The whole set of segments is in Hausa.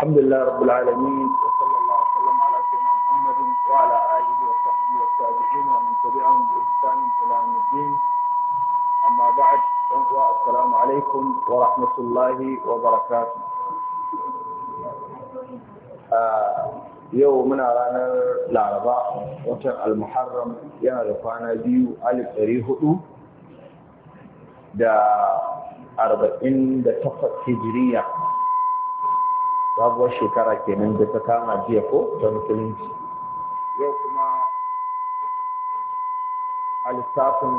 الحمد لله رب العالمين وصلى الله وسلم على سيدنا محمد وعلى اله وصحبه والتابعين ومن تبعهم باحسان الى يوم الدين اما بعد السلام عليكم ورحمه الله وبركاته آه، يوم من ranar laraba watan المحرم يا رفانا بيو الف alif ɗari أربعين da تفت هجرية sabuwar shekara kenan da ta kama jiya ko ta musulunci yau kuma a lissafin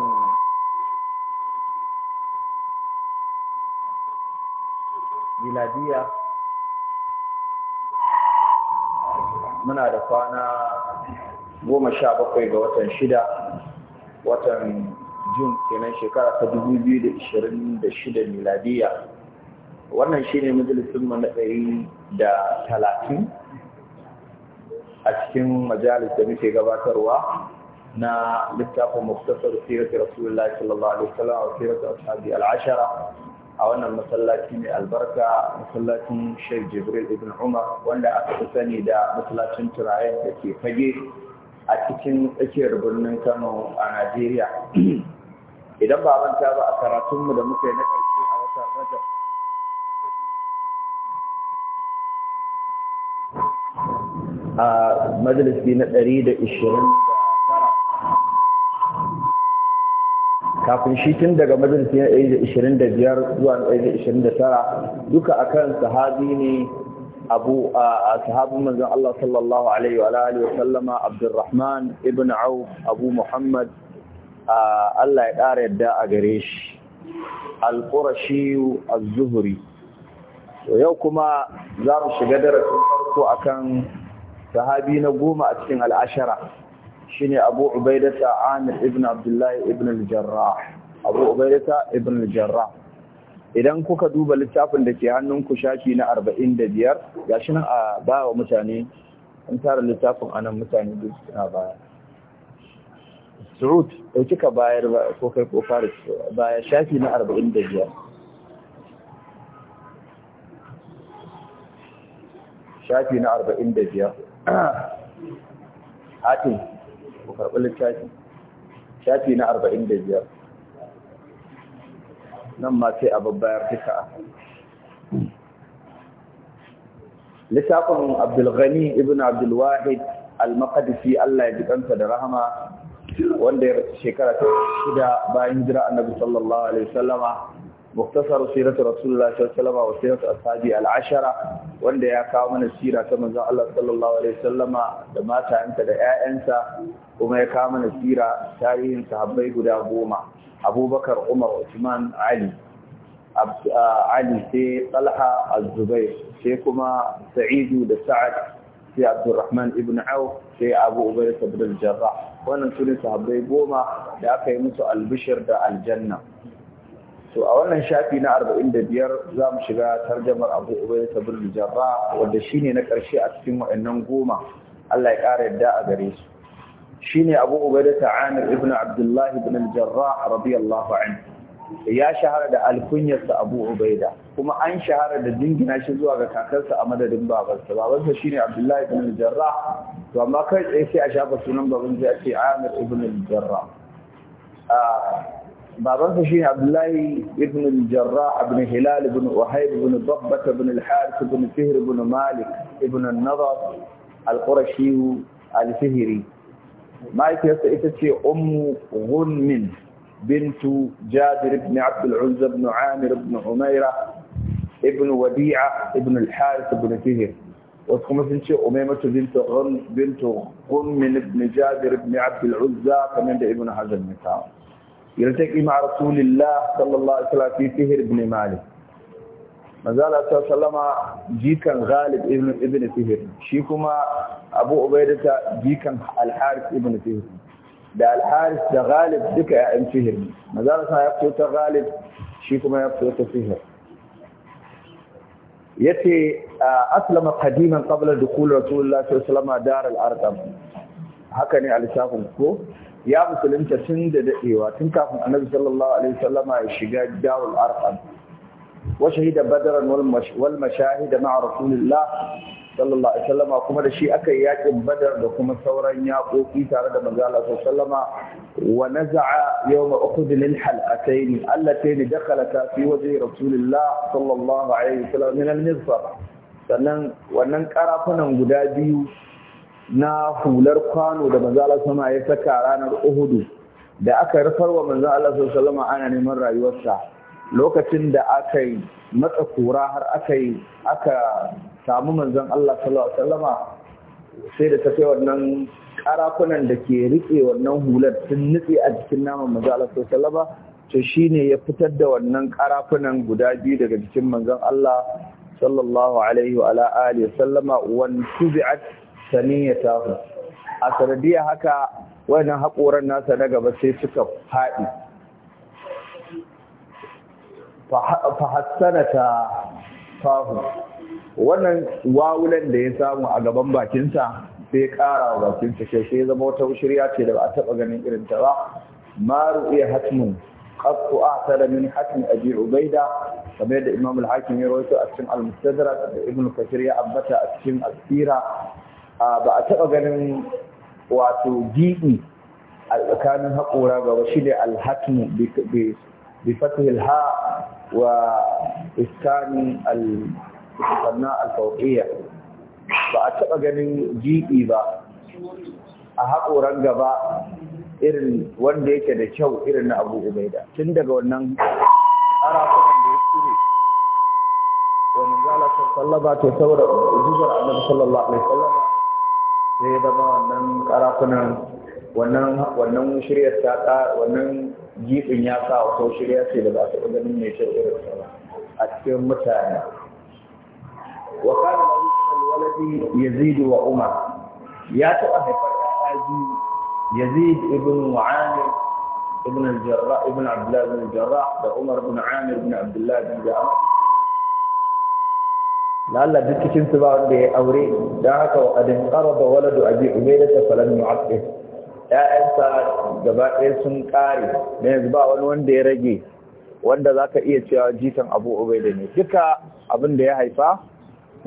miladiya muna da kwana goma sha bakwai ga watan shida watan jun kenan shekara ta dubu biyu da ishirin da shida miladiya wannan shi ne majalisun ɗari da talatin a cikin majalis da muke gabatarwa na littafin muktasar sirati rasulullah sallallahu alaihi wasallam wa sirati ashabi al'ashara a wannan masallaci mai albarka masallacin Sheikh Jibril ibn Umar wanda aka fi sani da masallacin Turayen da ke fage a cikin tsakiyar birnin Kano a Najeriya idan ba manta ba a karatunmu da muka yi na a majalisi na 120 kafin shi tun daga majalisi na 125 zuwa 129 duka akan sahabi ne abu a sahabin manzan Allah sallallahu alaihi wa alihi wa sallama Abdurrahman ibn Auf Abu Muhammad Allah ya ƙara yadda a gare shi al-Qurashi al zuhri yau kuma za mu shiga darasin farko akan sahabi na goma a cikin al'ashara ne Abu Ubaidata Amir ibn Abdullahi, ibn al-Jarrah Abu Ubaidata ibn al-Jarrah idan kuka duba littafin da ke hannunku shafi na 45 shi nan a bawa mutane an tara littafin a nan mutane duk suna baya Surut da kika bayar ko kai ko Faris baya shafi na 45 shafi na 45 hatin ku karɓi littafi shafi na arba'in da biyar nan ma sai a babbayar duka littafin abdulghani ibn abdulwahid al-maqdisi Allah ya jikansa da rahama wanda ya rasu shekara ta shida bayan jira annabi sallallahu alaihi wasallama مختصر سيرة رسول الله صلى الله عليه وسلم وسيرة أصحابه العشرة wanda ya kawo mana sira ta manzon Allah sallallahu alaihi wasallama da matansa da ƴaƴansa kuma ya kawo mana sira tarihin sahabbai guda goma Abubakar Umar usman Ali Ali sai Talha Az-Zubair sai kuma Sa'idu da Sa'ad sai Abdurrahman ibn Auf sai Abu Ubaidah ibn al wannan sune sahabbai goma da aka yi musu albishir da aljanna to a wannan shafi na 45 za mu shiga tarjamar abu ubai ta bin jarra wanda shine na ƙarshe a cikin wa'annan goma Allah ya ƙara yadda a gare su shine abu ubai da ta'amir ibn abdullahi ibn jarra radiyallahu anhu ya shahara da alkunyarsa abu ubaida kuma an shahara da dingina shi zuwa ga kakarsa a madadin babansa babansa shine abdullahi ibn jarra to amma kai tsaye sai a shafa sunan baban sai a ce amir ibn jarra ah, بابن شيخ عبد الله ابن الجراح ابن هلال ابن وهيب ابن ضبة ابن الحارث ابن فهر ابن مالك ابن النضر القرشي الفهري ما يتسي أم غنم بنت جادر بن عبد العزى بن عامر بن عميرة ابن وديعة ابن الحارث ابن فهر وتقوم تنشي أميمة بنت غن بنت غنم بن جادر بن عبد العزى فمن ابن هذا المثال يلتقي مع رسول الله صلى الله عليه وسلم في فهر بن مالك manzala ta jikan ghalib ibn ibn shi kuma abu ubaidata jikan al-harith ibn da al da ghalib duka ya'yan fihir manzala ta ya fito ta shi kuma ya fito ta fihir yace aslama qadiman qabla dukhul rasulullah sallallahu alaihi wasallam dar al-arqam haka ne al-safin ko ya musulunta tun da dadewa tun kafin annabi sallallahu alaihi wasallama ya shiga jawul arqam wa shahida badran wal mashahida ma'a rasulillah sallallahu alaihi kuma da shi aka yi yakin badar da kuma sauran yaƙoƙi tare da manzo Allah sallallahu alaihi wasallama wa naza'a yawm uqud lil halqatayn allatayn dakhalata fi wajhi rasulillah sallallahu alaihi wasallam min al-mizfar sannan wannan karafunan guda biyu na hular kwano da manzo Allah sama ya saka ranar Uhud da aka rufarwa manzo Allah sallallahu ana neman rayuwarsa lokacin da aka yi matsa kura har aka yi aka samu manzon Allah sallallahu alaihi sai da ta kai wannan karakunan da ke rike wannan hular sun nutse a jikin naman manzo Allah sallallahu to shine ya fitar da wannan karakunan guda biyu daga jikin manzon Allah sallallahu alaihi wa ala alihi sallama wan tubi'at tafi a sanadiyar haka wannan haƙoran nasa na gaba sai suka faɗi ta fahu wannan wawulan da ya samu a gaban bakinsa sai ƙara wa bakinsa ke sai zama wata shirya ce da ba a taɓa ganin irin ta ba maru iya hatmun a ahsana min hatmi abi ubaida kamar da imam al-hakim ya rawaito a cikin al da ibn kashir ya ambata a cikin asira ba a taɓa ganin wato giɗi a tsakanin haƙora gaba shi ne alhatmu bi fatihil ha wa iskani al-sanna al ba a taɓa ganin giɗi ba a haƙoran gaba irin wanda yake da kyau irin na abu ubaida tun daga wannan ƙarafukan da ya ture wani manzala sallaba to saboda zubar annabi sallallahu alaihi wasallam zai zama wannan karafunan wannan shirya ta ka wannan jifin ya sa wato shirya ce da ba su ganin mai shirya da sa ba a cikin mutane wa kana da wani waladi yazid wa umar ya taba haifar da haji yazid ibn muamir ibn al-jarrah ibn abdullah ibn al da umar ibn amir ibn abdullah ibn al na duk cikin su ba wanda ya aure da haka wa adin qaraba waladu abi umayda falam yu'aqib ya'yansa gaba ɗaya sun kare na ba wani wanda ya rage wanda zaka iya cewa jikan abu ubaida ne duka abin da ya haifa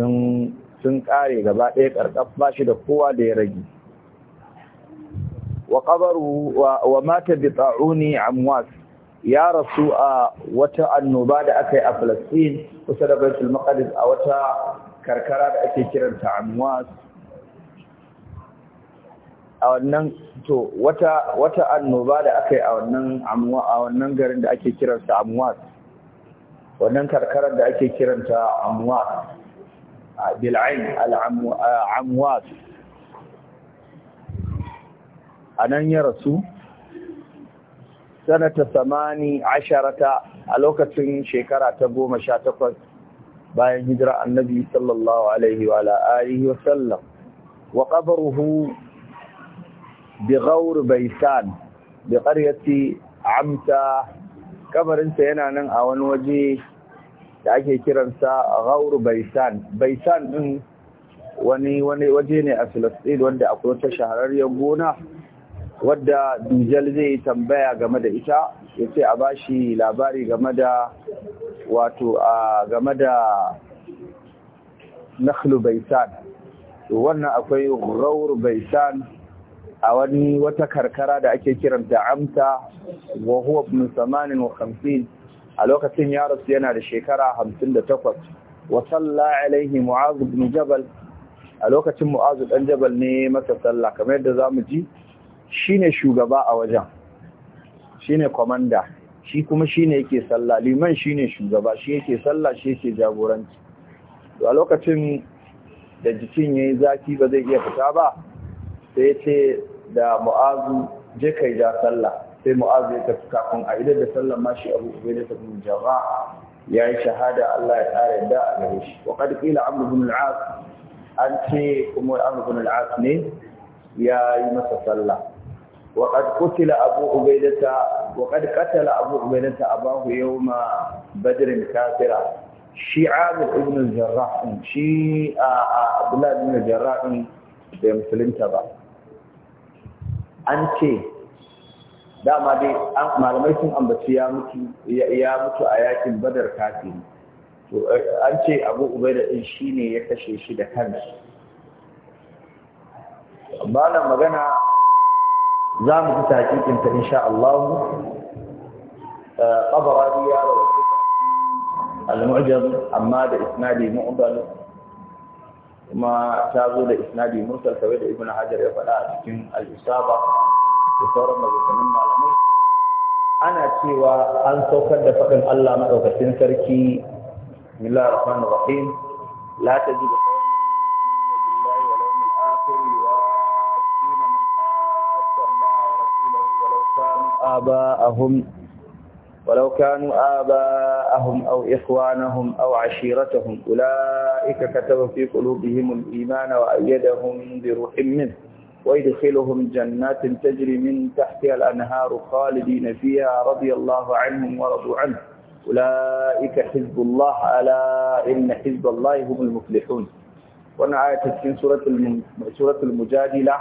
sun sun ƙare gaba ɗaya ba shi da kowa da ya rage wa qabaru wa mata bi ta'uni amwas ya rasu a wata annoba da aka yi a Falasɗin kusa da Baitul Maqdis a wata karkara da ake kiranta Anwas a wannan to wata wata annoba da aka yi a wannan Amwa a wannan garin da ake kiranta Amwas wannan karkarar da ake kiranta a bil'ain al-Amwas anan ya rasu sanata samani asharata a lokacin shekara ta goma sha takwas bayan hijira annabi sallallahu alaihi wa alihi wa sallam wa qabruhu bi ghawr baisan bi qaryati amta kabarinsa yana nan a wani waje da ake kiransa ghawr baisan baisan din wani waje ne a Filistin wanda akwai wata shahararriyar gona wadda dujal zai yi tambaya game da ita ya ce a bashi labari game da wato a game da nakhlu wannan akwai Raur baisan a wani wata karkara da ake kiranta amta wa huwa ibn 58 a lokacin ya rasu yana da shekara 58 wa salla alaihi mu'az ibn jabal a lokacin mu'az ibn jabal ne masa sallah kamar yadda zamu ji shine shugaba a wajen shine komanda shi kuma shine yake sallah liman shine shugaba shi yake sallah shi yake jagoranci a lokacin da jikin yayi zafi ba zai iya fita ba sai ce da mu'azu je kai ja sallah sai mu'azu ya tafi kafin a idan da sallah ma shi abu ubai da tafi jawa ya yi shahada Allah ya tsara yadda a gare shi wa qad qila amr ibn an ce kuma amr ibn al ne ya yi masa sallah وقد قتل أبو عبيدة وقد قتل أبو عبيدة أباه يوم بدر كافرا شي عامر ابن الجراح شي عبد الله بن الجراح an ce dama dai malamai sun ambaci ya mutu ya mutu a yakin badar kafiri to an ce abu ubaida shi ne ya kashe shi da kansa malam magana za mu ji taƙiƙin ta insha Allah eh, tabarani ya rawaita al-mu'jam amma da isnadi mu'dal kuma ta zo da isnadi mursal kawai da ibnu hajar ya faɗa a cikin al-isaba da sauran maganganun malamai ana cewa an saukar da faɗin Allah madaukakin sarki bismillahir rahmanir rahim la آباءهم ولو كانوا آباءهم أو إخوانهم أو عشيرتهم أولئك كتب في قلوبهم الإيمان وأيدهم بروح منه ويدخلهم جنات تجري من تحتها الأنهار خالدين فيها رضي الله عنهم ورضوا عنه أولئك حزب الله ألا إن حزب الله هم المفلحون وانا آية تسكين سورة, سورة المجادلة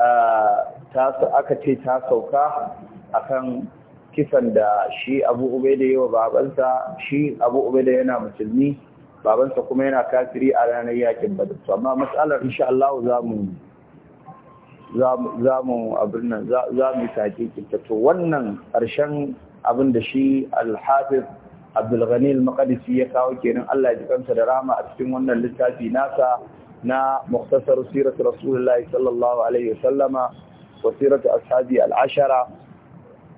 آه تاس أكتي تاسوكا akan kisan da shi abu ubaida yi wa babansa shi abu ubaida yana musulmi babansa kuma yana kafiri a ranar yakin badar to amma matsalar insha Allah za mu za mu abin nan za mu sake kinta to wannan ƙarshen abin da shi al-hafiz Abdul Ghani al-Maqdisi ya kawo kenan Allah ya jikansa da rama a cikin wannan littafi nasa na Mukhtasar Sirat Rasulullah sallallahu alaihi wasallama wa Sirat Ashabi al-Ashara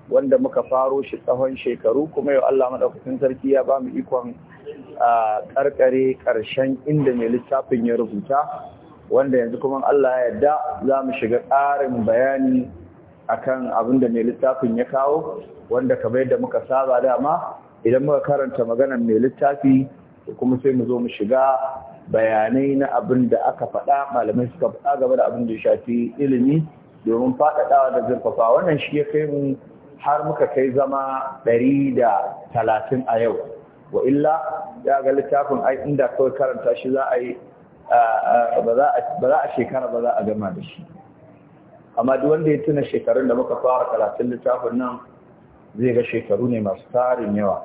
wanda muka faro shi tsawon shekaru kuma yau Allah madaukakin sarki ya ba mu ikon karkare karshen inda mai littafin ya rubuta wanda yanzu kuma Allah ya yarda za mu shiga ƙarin bayani akan abin da mai littafin ya kawo wanda kamar yadda muka saba dama idan muka karanta maganar mai littafi kuma sai mu zo mu shiga bayanai na abin da aka faɗa malamai suka faɗa game da abin da ya shafi ilimi domin faɗaɗawa da zurfafa wannan shi ya kai mu har muka kai zama ɗari da talatin a yau wa illa ya ga littafin ai inda kawai karanta shi za a yi ba za a shekara ba za a gama da shi amma duk wanda ya tuna shekarun da muka fara karatun littafin nan zai ga shekaru ne masu tarin yawa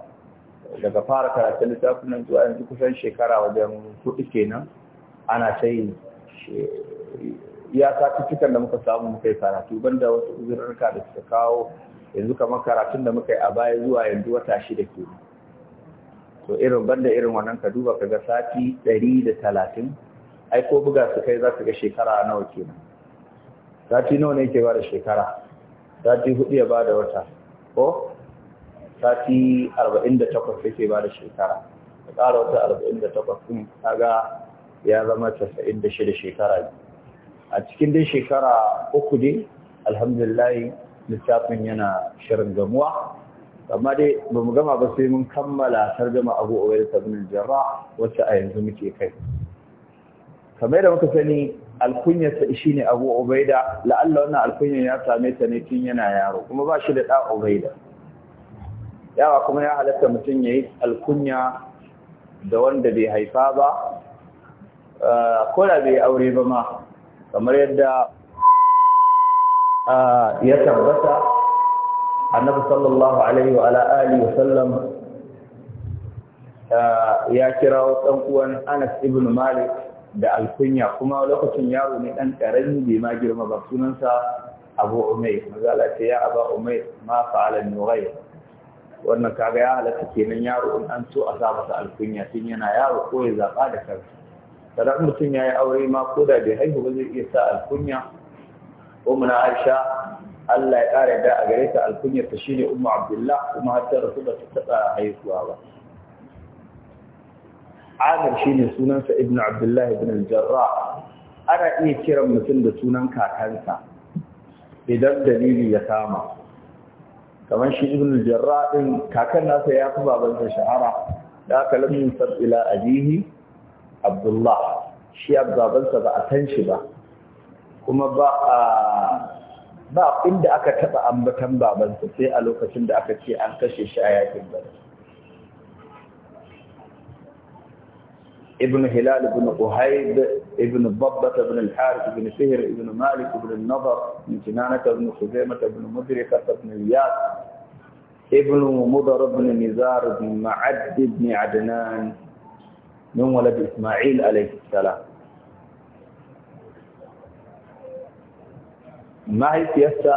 daga fara karatun littafin nan zuwa yanzu kusan shekara wajen kuɗi kenan ana ta yi ya sa da muka samu muka yi karatu banda wasu uzurarka da suka kawo yanzu kamar karatun da muka yi a baya zuwa yanzu wata shida ke to irin banda irin wannan ka duba ka ga sati 130 da talatin ai ko buga su kai za ka ga shekara nawa kenan sati nawa ne ke ba da shekara sati hudu ya ba da wata ko sati arba'in da takwas ba da shekara ka ƙara wata arba'in da takwas kaga ya zama casa'in da shida shekara a cikin dai shekara uku dai alhamdulillah littafin yana shirin gamuwa amma dai ba mu gama ba sai mun kammala tarjama abu ubaida ibn jarra wacce a yanzu muke kai kamar da muka sani alkunyarsa shi ne abu obaida la'alla wannan alkunya ya same ta ne tun yana yaro kuma ba shi da ɗa obaida yawa kuma ya halatta mutum ya yi alkunya da wanda bai haifa ba ko da bai aure ba ma kamar yadda ya tabbata annabi sallallahu alaihi wa alihi wa sallam ya kira dan uwan Anas ibn Malik da alkunya kuma lokacin yaro ne dan karami bai ma girma ba sunansa Abu Umay mazala ce ya Abu Umay ma fa'ala nughayr wannan kaga ya halaka kenan yaro in an so a sa alkunya tun yana yaro ko ya zaba da kansa sadan mutum yayi aure ma ko da bai haihu ba zai iya sa alkunya ummuna aisha Allah ya kare da a gare ta alkunyar ta shine Umma abdullah kuma har ta rasu ba ta taba haihuwa ba Amir shine sunansa ibnu abdullah ibn al-jarrah ana iya kiran mutum da sunan kakansa idan dalili ya kama kamar shi ibn al-jarrah din kakan nasa ya fi babansa shahara da aka lamin sab ila abihi abdullah shi babansa ba a san shi ba kuma ba a ba inda aka taba ambatan babansa sai a lokacin da aka ce an kashe shi a yakin badar ابن هلال بن قهيب ابن الضبة بن الحارث بن سهر بن مالك بن النضر بن كنانة بن خزيمة بن مدركة بن الياس ابن مضر بن نزار بن معد بن عدنان من ولد إسماعيل عليه السلام mahaifiyarsa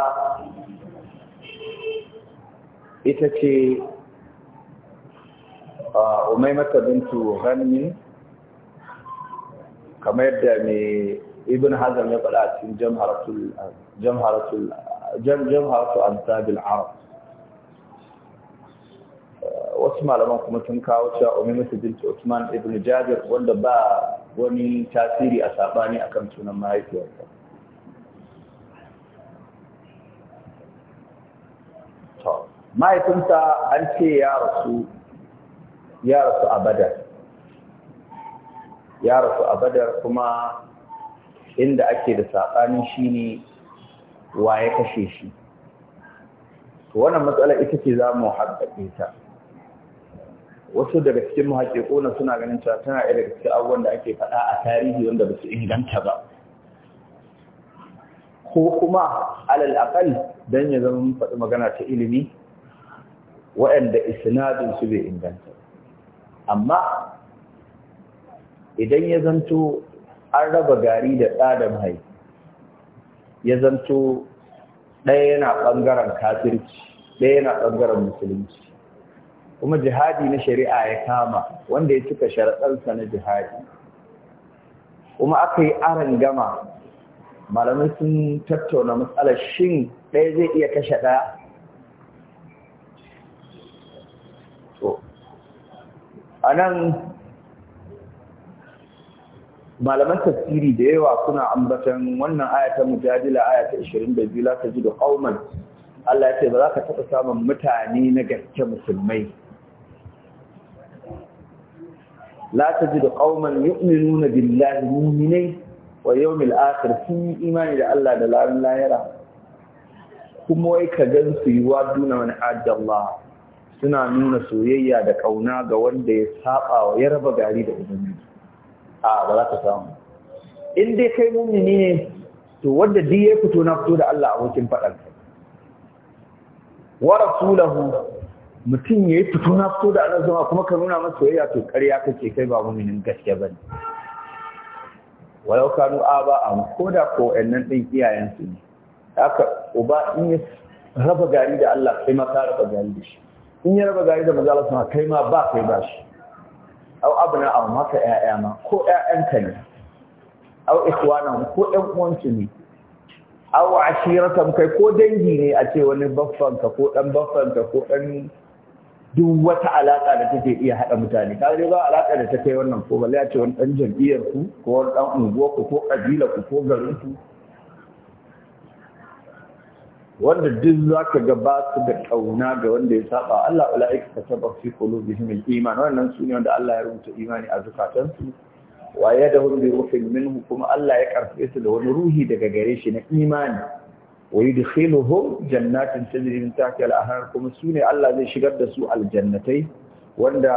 ita ce umai bintu hannu kamar yadda mai ibn hazan ya faɗa a cikin jamharatul sabil arab wasu malaman kuma sun kawo cewa umai bintu usman ibn jabir wanda ba wani tasiri a saɓani akan sunan mahaifiyarsa mahaifinsa an ce ya rasu a badar ya rasu a badar kuma inda ake da saɓanin shi ne wa ya kashe shi wannan matsalar ita ce za mu haɗaɗe ta wasu daga cikin ƙona suna ganin cewa tana iya daga cikin abubuwan da ake faɗa a tarihi wanda ba su inganta ba ko kuma alal akal don ya zama mun faɗi magana ta ilimi waɗanda isnadin su bai inganta amma idan ya zanto an raba gari da tsada mahaifi ya zanto ɗaya yana ɓangaren kafirci ɗaya yana ɓangaren musulunci kuma jihadi na shari'a ya kama wanda ya cika sharaɗarsa na jihadi kuma aka yi aron gama malamai sun tattauna matsalar shin ɗaya zai iya kashe ɗaya a nan malaman tafsiri da yawa suna ambatan wannan ayata mujadila ayata 22 la da ƙauman, Allah ya ce ba za ka taɓa samun mutane na gaske musulmai la tajidu qauman nuna billahi mu'minai wa yau akhir sun yi imani da Allah da ranar lahira kuma wai ka gan su yi wa duna wani Adalla. suna nuna soyayya da ƙauna ga wanda ya saba wa ya raba gari da ubangiji a ba za ka samu in dai kai mumini ne to wanda duk ya fito na fito da Allah abokin faɗan kai wa rasulahu mutum ya fito na fito da Allah zama kuma ka nuna masa soyayya to ƙarya kake kai ba muminin gaske bane walau kanu aba a koda ko ɗan ɗin iyayensu ne haka uba in ya raba gari da Allah sai ma ka raba gari da shi in ya raba gari da manzala kai ma ba kai ba shi au na abu maka ƴaƴa ma ko ƴaƴanka ne au ikhwanan ko ƴan uwanki ne au ashiratan kai ko dangi ne a ce wani baffanka ko dan baffanka ko dan duk wata alaƙa da take iya haɗa mutane ka zai ba alaƙa da ta kai wannan ko balle a ce wani dan jam'iyyar ku ko wani dan unguwar ku ko ƙabila ku ko garin ku wanda duk za ka ga ba su da ƙauna ga wanda ya saba Allah ula'ika ka taba fi qulubihim al-iman wannan sune wanda Allah ya rubuta imani a zukatansu wa yadahum bi ruhin minhu kuma Allah ya karfe su da wani ruhi daga gare shi na imani wa yudkhiluhum jannatin tajri min tahtiha al-anhar kuma sune Allah zai shigar da su aljannatai wanda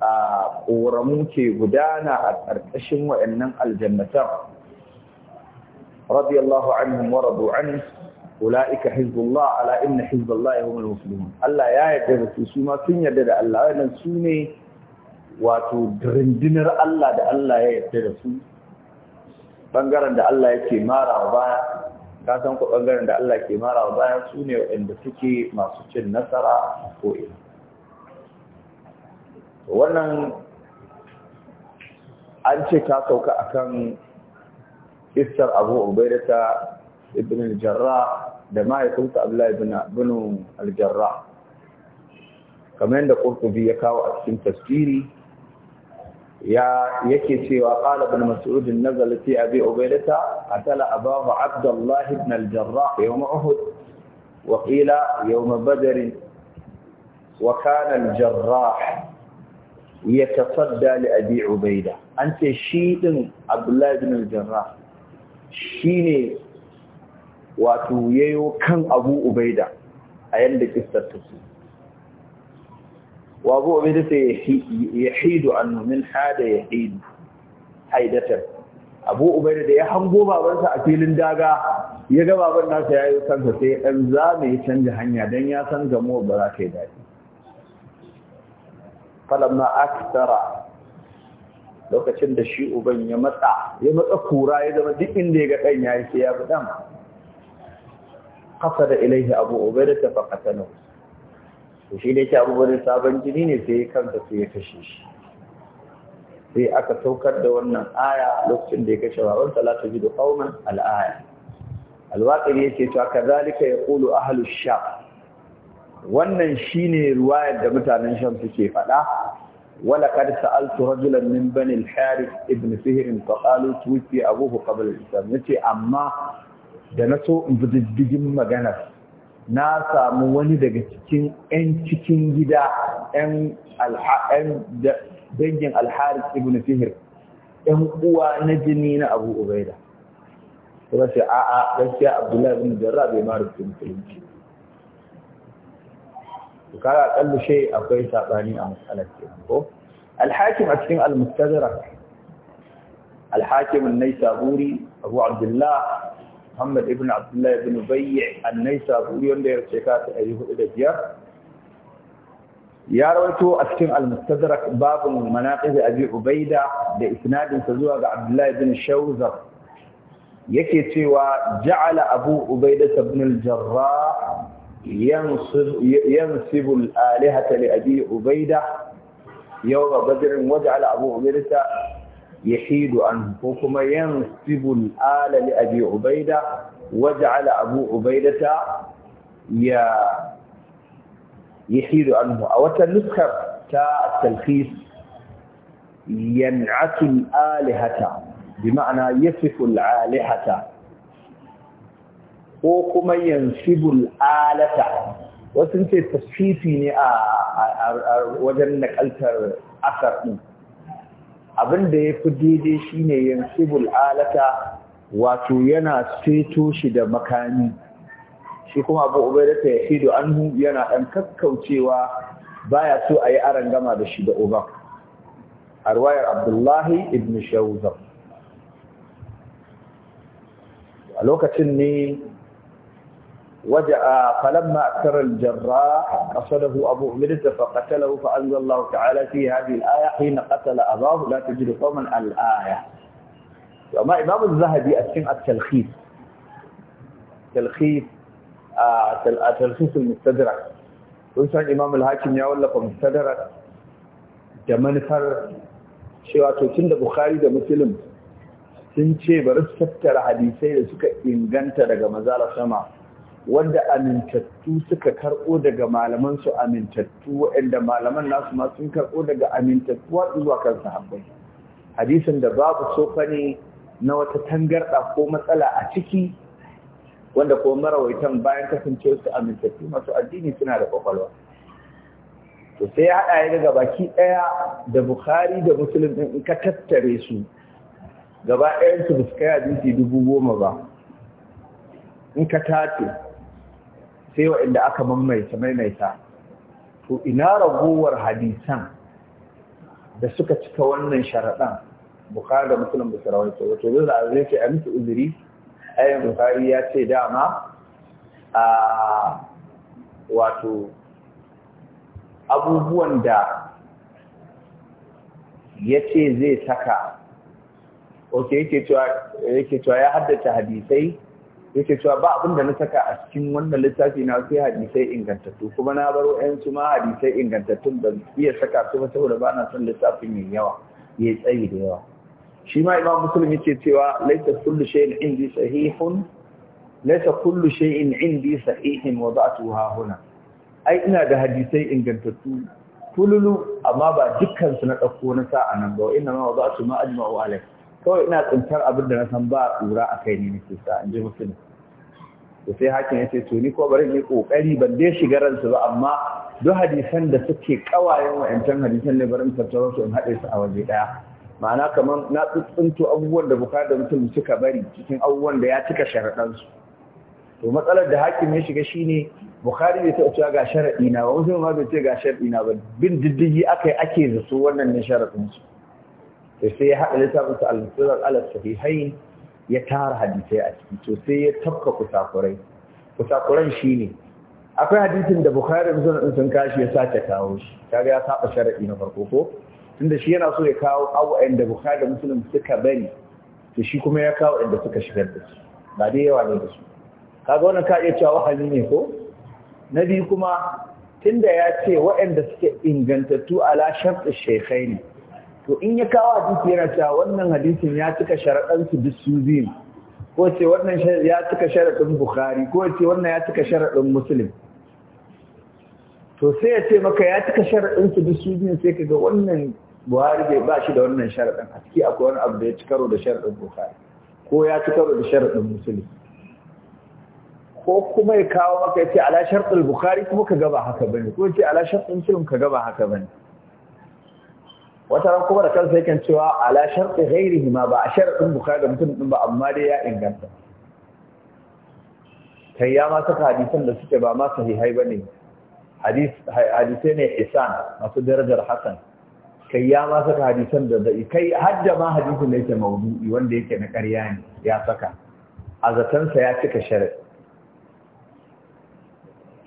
a ƙoramu ke gudana a ƙarƙashin wa'annan aljannatan radiyallahu anhum wa radu anhu ulaika hizbullah ala inna hizballahi humul muslimun Allah ya yarda da su su ma sun yarda da Allah wannan su ne wato rindinar Allah da Allah ya yarda da su bangaren da Allah yake marawa baya ka san ku bangaren da Allah ke marawa baya su ne suke masu cin nasara ko ina wannan an ce ta sauka akan istar Abu Ubaida ta ابن الجراح ده ما يكون قبل ابن ابن الجراح كمان ده قلت بيه كاو تفسيري يا يكي في وقال ابن مسعود النزل في ابي عبيده قتل اباه عبد الله بن الجراح يوم عهد وقيل يوم بدر وكان الجراح يتصدى لابي عبيده انت شيء عبد الله بن الجراح شيني wato yayo kan abu ubaida a yadda kissar ta su wa abu ubaida sai ya hidu annu min hada ya hidu haidatar abu ubaida da ya hango babansa a filin daga ya ga baban nasa ya kan kansa sai dan ɗan zame ya canja hanya dan ya san gamo ba za ta yi daɗi falamma akthara lokacin da shi uban ya matsa ya matsa kura ya zama duk inda ya ga ɗan ya yi sai ya fi ɗan qasada ilayhi abu ubaidah fa qatalahu to shi ne ke abubuwan sabon jini ne sai kansa sai ya kashe shi sai aka saukar da wannan aya lokacin da ya kashe baban salatu jidu qauman al-aya al-waqidi yace to kazalika yaqulu ahlu sham wannan shine ruwayar da mutanen sham suke faɗa wala qad sa'altu rajulan min bani al-harith ibn sihr fa qalu tuwfi abuhu qabla al-islam yace amma da na so in bi diddigin maganar na samu wani daga cikin 'yan cikin gida 'yan dangin alharis ibn fihir 'yan uwa na jini na abu ubaida kuma sai a'a gaskiya abdullahi ibn jarra bai ma cikin musulunci to kaga kallu shi akwai sabani a matsalar ke ko al-hakim a cikin al-mustadrak al-hakim an abu abdullah Muhammad ibn Abdullah ibn Bayy an-Naisaburi wanda ya race ka ta biyar ya rawaito a cikin al-Mustadrak babun manaqib Abi Ubaida da isnadin sa zuwa ga Abdullah ibn Shawzar yake cewa ja'ala Abu Ubaida ibn al-Jarrah ينصب ينصب الآلهة لأبي عبيدة يوم بدر وجعل أبو عبيدة yahidu anhu ko kuma yansibu al-ala li abi ubaida waj'ala abu ubaidata ya yahidu a wata nuskar ta talkhis yan'atu al-alihata bima'ana yasifu al-alihata ko kuma ce ne a wajen nakaltar asar ɗin. abin da ya fi daidai shine sibul alata wato yana seto shi da makami shi kuma abu da ta ya da anhu yana ɗan kakkaucewa baya so a yi aron gama da shi da uban a ruwayar abdullahi ibn shawzan a lokacin ne وجاء فلما أكثر الجراح قصده أبو عبيدة فقتله فأنزل الله تعالى في هذه الآية حين قتل أباه لا تجد قوما الآية وما إمام الذهبي أسمع التلخيص تلخيص آه, آه، تلخيص المستدرك ويسأل إمام الهاكم يا ولا مستدرك جمانفر cewa to tun da مسلم da Muslim sun ce bari su tattara hadisai wanda amintattu suka karɓo daga malaman su amintattu waɗanda malaman nasu ma sun karɓo daga amintattu waɗu zuwa kan sahabbai hadisin da babu sofa ne na wata tangarɗa ko matsala a ciki wanda kuma marawaitan bayan kasance su amintattu masu addini suna da kwakwalwa to sai ya haɗa ya daga baki ɗaya da bukhari da musulun ɗin in ka tattare su gaba ɗayansu ba su kai hadisi dubu goma ba in ka tace sai waɗanda aka maimaita maimaita to ina ragowar hadisan da suka cika wannan sharaɗan bukari da musulun bisa to wato zai da zai ce a musu uzuri ayin bukari ya ce dama a wato abubuwan da ya ce zai saka ok yake cewa ya haddace hadisai yake cewa ba abin da na saka a cikin wannan littafi na sai hadisai ingantattu kuma na baro 'yansu ma hadisai ingantattun da iya saka su ba saboda ba na son littafin mai yawa ya tsayi da yawa shi ma imam muslim yake cewa laita kullu shay'in indi sahihun laita kullu shay'in indi sahihin ha huna ai ina da hadisai ingantattu tululu amma ba dukkan su na dauko na sa nan ba inna ma wada'tu ma ajma'u alai kawai ina tsintar abin da na san ba tsura akai ne nake sa in ji mutum to sai hakin ya ce to ni ko bari ni kokari ban dai shiga ransu ba amma duk hadisan da suke kawayen wa'ancan hadisan ne barin tattaro su in haɗe su a waje ɗaya ma'ana kamar na tsuntsunto abubuwan da da mutum suka bari cikin abubuwan da ya cika sharaɗansu to matsalar da hakim ya shiga shine bukhari bai taɓa cewa ga sharaɗi na ba musulun ma bai ce ga sharaɗi na ba bin diddigi akai ake da wannan ne sharaɗin su sai ya haɗa littafin su al-sirr al sahihain ya tara hadisai a ciki to sai ya tafka kusakurai kusakuran shine akwai hadisin da bukhari da sun kashi ya sace kawo shi kaga ya saba sharadi na farko ko tunda shi yana so ya kawo a da bukhari da muslim suka bari to shi kuma ya kawo inda suka shigar da su ba dai yawa ne da su kaga wannan ka iya cewa wahayi ne ko na biyu kuma tunda ya ce waɗanda suke ingantattu ala shartu shekai ne to in ya kawo hadisi yana cewa wannan hadisin ya cika sharaɗan su duk su biyu ko ce wannan ya cika sharaɗin bukhari ko ce wannan ya cika sharaɗin muslim to sai ya ce maka ya cika sharaɗin su duk su biyu sai kaga wannan buhari bai ba shi da wannan sharaɗin a ciki akwai wani abu da ya ci karo da sharaɗin bukhari ko ya ci karo da sharaɗin muslim ko kuma ya kawo maka ya ce ala sharaɗin bukhari kuma ka gaba haka bane ko ya ce ala sharaɗin muslim ka gaba haka bane wata ran kuma da kansa yakan cewa ala sharti ghairihi ma ba a sharadin bukhari da mutum din ba amma dai ya inganta kai ya ma saka hadisan da suke ba ma sahihai bane hadis hadisai ne isan masu darajar hasan kai ya ma saka hadisan da da'i kai hadda ma hadisin da yake maudu'i wanda yake na ƙarya ne ya saka a sa ya cika sharri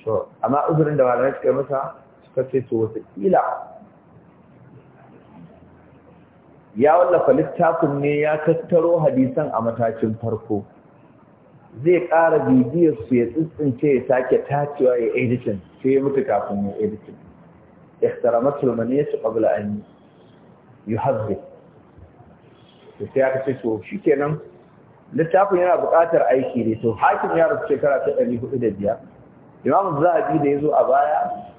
to amma uzurin da malamai suka masa suka ce to wata kila ya wallafa littafin ne ya tattaro hadisan a matakin farko zai ƙara bibiyar su ya tsintsince ya sake tacewa ya editin sai ya mutu kafin ya editin ihtaramatul maniyatu qabla an yuhazzi to sai aka ce to shikenan littafin yana buƙatar aiki ne to hakim ya rubuta shekara ta za imam bi da yazo a baya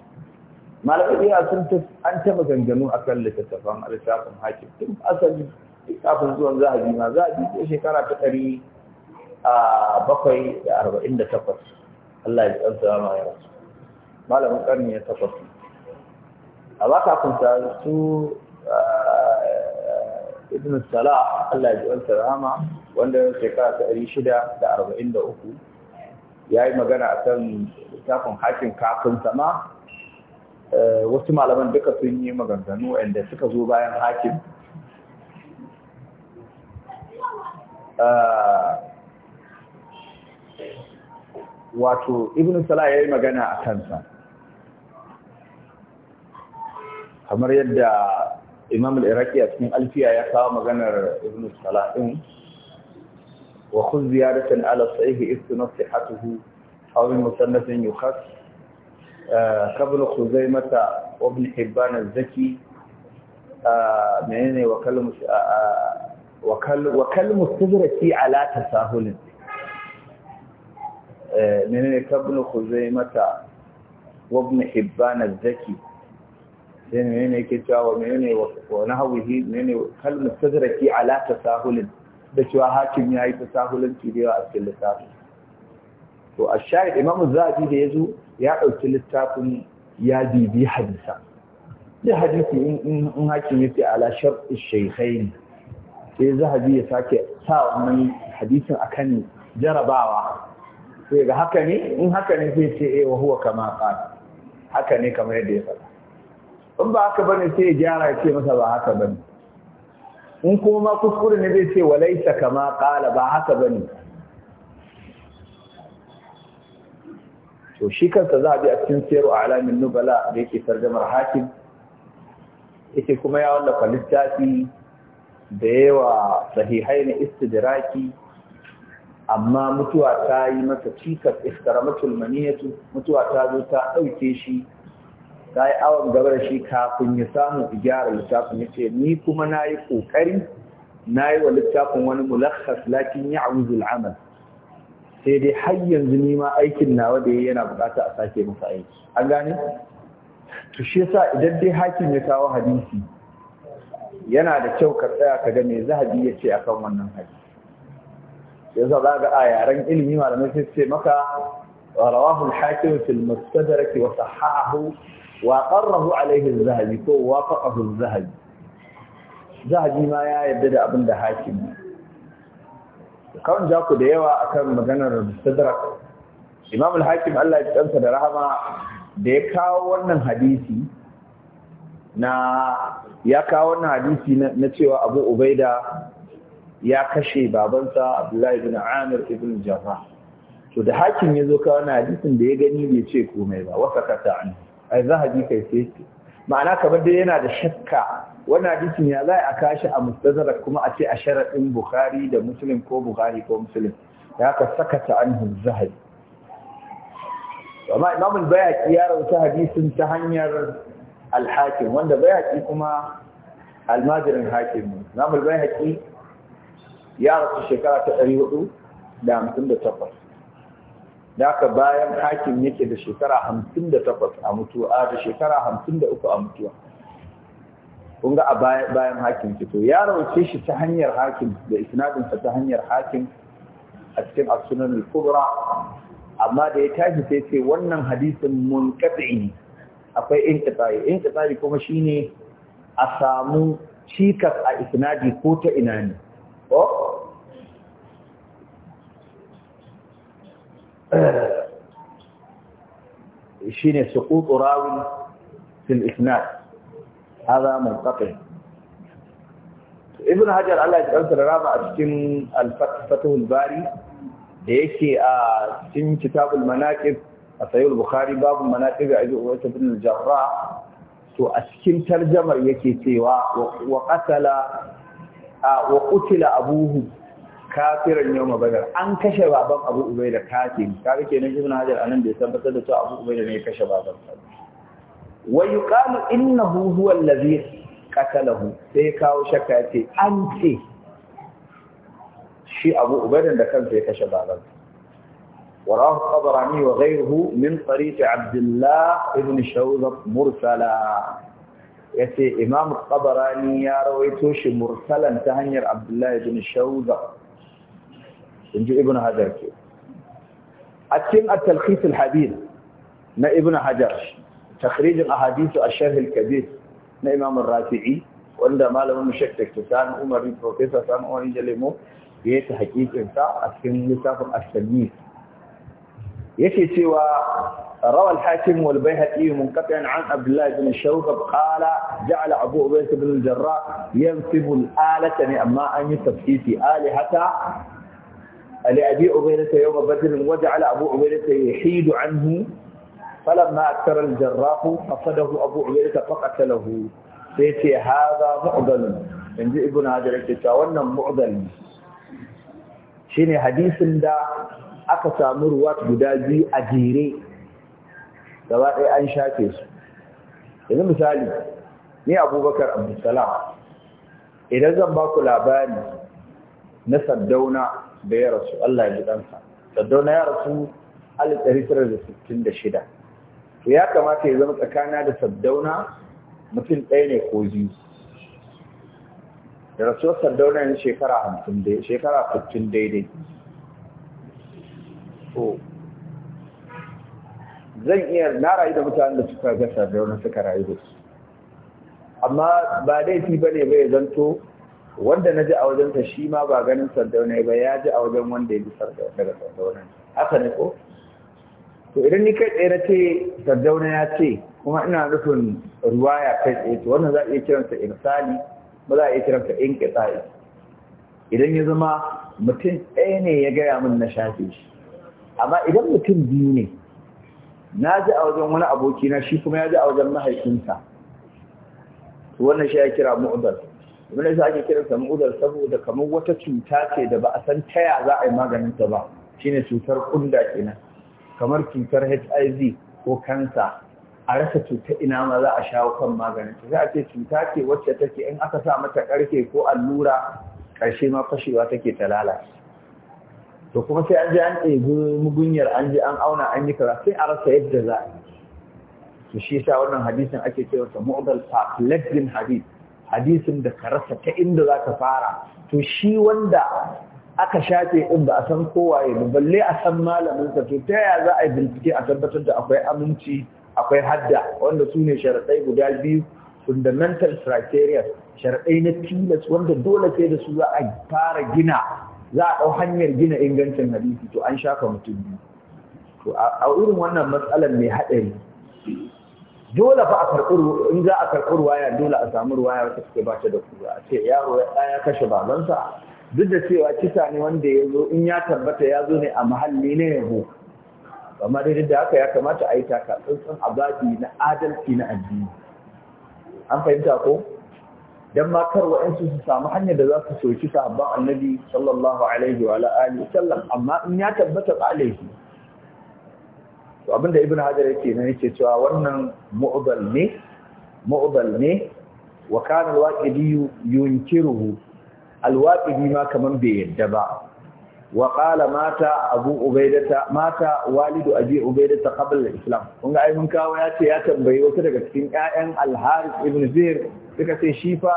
malamai da sun ta an ta maganganu a kan littattafan alshafin hakim tun asali kafin zuwan zahabi ma zahabi ko shekara ta ɗari a bakwai da arba'in da takwas Allah ya tsantsa ma ya rasu malamin ƙarni ya takwas a ba kafin ta su ibn Sala Allah ya ji tsantsa rahama wanda shekara ta ɗari shida da arba'in da uku ya yi magana a kan littafin hakim kafin sama wasu malaman duka sun yi maganganu inda suka zo bayan hakim ah, wato ibn salah ya yi magana a kansa kamar yadda imam al-iraqi a cikin alfiya ya kawo maganar ibn salah din wa khudh ziyadatan ala sahih istinafi hatuhu aw min musannafin kabin kuzai mata wabin hibbanar zaki menene wakal mustadraki ala tasahulin menene kabin kuzai mata wabin hibbanar zaki sai menene yake cewa menene wa nahawihi menene kal mustadraki ala tasahulin da cewa hakim yayi tasahulin cirewa a cikin lissafi to a shahid imamu zabi da ya zo ya ɗauki littafin ya bibi hadisa da hadisi in hakim ya ce ala shar'i shaikhain sai zahabi ya sake sa wannan hadisin akan jarabawa sai ga haka ne in haka ne zai ce eh wa huwa kama qala haka ne kamar yadda ya faɗa in ba haka bane sai ya gyara ya ce masa ba haka bane in kuma ma kuskure ne zai ce walaisa kama qala ba haka bane to shi kansa za a bi a cikin sayar wa alamin nubala da yake tarjamar hakim yake kuma ya wallafa littafi da yawa sahihai na istidraki amma mutuwa ta yi masa cikas iskaramatul maniyatu mutuwa ta zo ta ɗauke shi ta yi awon gabar shi kafin ya samu gyara littafin ya ce ni kuma na yi ƙoƙari na yi wa littafin wani mulakhas lakin ya amal sai dai har yanzu ni ma aikin nawa da yana bukata a sake masa aiki an gane to shi yasa idan dai hakim ya kawo hadisi yana da kyau ka tsaya ka ga me zahabi ya ce akan wannan hadisi yasa za ga a yaren ilimi malamai sai ce maka rawahu al-hakim fil mustadrak wa sahahahu wa qarrahu alayhi zahabi ko wafaqahu az-zahabi zahabi ma ya yadda da abin da hakim Kawun ja ku da yawa akan maganar Sadrak, imam al-hakim Allah ya da rahama da ya kawo wannan hadisi na ya kawo wannan hadisi na cewa Abu Ubaida ya kashe babansa Abdullahi ibn Amir ibn Jarrah to da hakim ya zo kawo wannan hadisin da ya gani bai ce komai ba wasa kata an ai zahabi kai sai ma'ana kamar dai yana da shakka wannan hadisin ya za a kashi a mustadrak kuma a ce a sharaɗin bukhari da muslim ko bukhari ko muslim ya ka saka sakata anhu zahabi amma imam al-bayhaqi ya rawaita hadisin ta hanyar alhakin, hakim wanda bayhaqi kuma almajirin hakim imam al-bayhaqi ya rasu shekara ta ɗari 458 da hamsin da takwas, haka bayan hakim yake da shekara hamsin da takwas a mutuwa da shekara hamsin da uku a mutuwa kun ga a bayan hakim to ya rawace shi ta hanyar hakim da isnadin ta hanyar hakim a cikin as al-kubra amma da ya tashi sai ce wannan hadisin munqati akwai inqita'i inqita'i kuma shine a samu cikas a isnadi ko ta ina ne ko oh? shine suqutu rawin fil isnad هذا منقطع ibn hajar Allah ya da rama a cikin al bari da yake a cikin kitabul manaqib a sahih bukhari babu manaqib abi uwayt ibn al-jarrah to a cikin tarjamar yake cewa wa a wa qutila abuhu kafiran yawma badar an kashe baban abu ubayda kafiri kaga kenan ibn hajar anan bai tabbatar da cewa abu da ne ya kashe baban ويقال انه هو الذي قتله qatalahu sai يتي shakka yace ابو ce shi Abu Ubaidah وراه الطبراني وغيره من طريق عبد الله ابن شوذب مرسلا يتي إمام الطبراني يا رويتوش مرسلا تهنير عبد الله ابن شوذب نجي ابن هجر أتم التلخيص الحديث ما ابن حجر تخريج الأحاديث الشرح الكبير na الرافعي Rafi'i wanda malamin Sheikh كان Sani Umar Professor Sani عمر Jalemo ya yi hakikin انت a cikin littafin as روى الحاكم والبيهقي منقطعا عن عبد الله بن الشوكب قال جعل ابو عبيد بن الجراء ينسب الآلة لأما ان تفسيس آلهة لأبي عبيدة يوم بدر وجعل أبو عبيدة يحيد عنه فلما أكثر الجراح قصده أبو عبيدة فقتله سيتي هذا معضل عند ابن هاجر التشاونا معضل شيني حديث دا أكسى مروات بدازي أجيري سواء أن شاكيس إذا مثالي ني أبو بكر عبد السلام إذا زنباك لاباني نسدونا بيرسو الله يجدنسا سدونا يا رسول 1966 to ya kamata ya zama tsakana da saddauna mutum ɗaya ne ko biyu da rasuwar saddauna yin shekara hamsin dai shekara sittin daidai to zan iya na rayu da mutanen da suka ga saddauna suka rayu da su amma ba laifi ba ne bai zanto wanda na ji a wajensa shi ma ba ganin sardauna ba ya ji a wajen wanda ya ji daga sardauna haka ne ko to idan ni kai tsaye na ce sardauna ya ce kuma ina nufin ruwaya kai tsaye to wannan za a iya kiransa irsali ba za a iya kiransa kitsari idan ya zama mutum ɗaya ne ya gaya min na shafe shi amma idan mutum biyu ne na ji a wajen wani abokina shi kuma ya ji a wajen mahaifinsa to wannan shi ya kira mu'udar za a ake kiransa mu'udar saboda kamar wata cuta ce da ba a san ta ya za a yi maganinta ba shine cutar kunda kenan kamar cutar HIV ko kansa a rasa cuta ina ma za a shawo kan maganin ta a ce cuta ce wacce take in aka sa mata karfe ko allura karshe ma fashewa take ta lalace to kuma sai an ji an ɗebi mugunyar an ji an auna an yi kaza sai a rasa yadda za a yi to shi yasa wannan hadisin ake cewa sa mu'dal faqladdin hadith hadisin da ka rasa ta inda za ka fara to shi wanda aka shafe in ba a san kowaye ba balle a san malaminsa to ta yaya za a yi bincike a tabbatar da akwai aminci akwai hadda wanda su ne sharaɗai guda biyu fundamental criteria sharaɗai na tilas wanda dole sai da su za a fara gina za a ɗau hanyar gina ingancin hadisi to an shafa mutum biyu to a irin wannan matsalar mai haɗari dole fa a karɓi in za a karɓi ruwaya dole a samu ruwaya wata take ba ta da kura a ce yaro ya kashe babansa duk da cewa kisa ne wanda ya zo in ya tabbata ya zo ne a mahalli na yabo amma dai da haka ya kamata a yi taka tsantsan abadi na adalci na addini an fahimta ko dan ma kar su samu hanyar da za su soki sahabban annabi sallallahu alaihi wa alihi sallam amma in ya tabbata ba laifi to abinda ibnu hajar yake nan yake cewa wannan mu'dal ne mu'dal ne wa kana al-waqidi yunkiruhu alwaqidi ma kaman bai yadda ba wa qala mata abu ubaidata mata walidu abi ubaidata qabla islam kun ga ai mun kawo ya ce ya tambayi wata daga cikin ƴaƴan al-harith ibn zair suka ce shi fa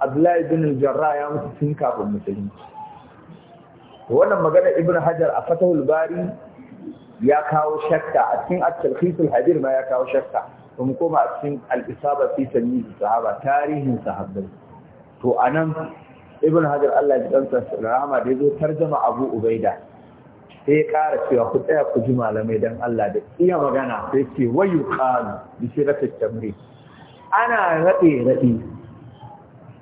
abdullahi ibn Jarra, ya mutu tun kafin musulunci wannan magana ibn hajar a fatahul bari ya kawo shakka a cikin at-talkhis hadir ma ya kawo shakka kuma koma a cikin al-isaba fi sahaba tarihin sahabbai to anan ibn hajar Allah ya danta rahama da yazo tarjama abu ubaida sai ya ƙara cewa ku tsaya ku ji malamai dan Allah da iya magana sai ce wayu qalu bi sirati tamri ana rade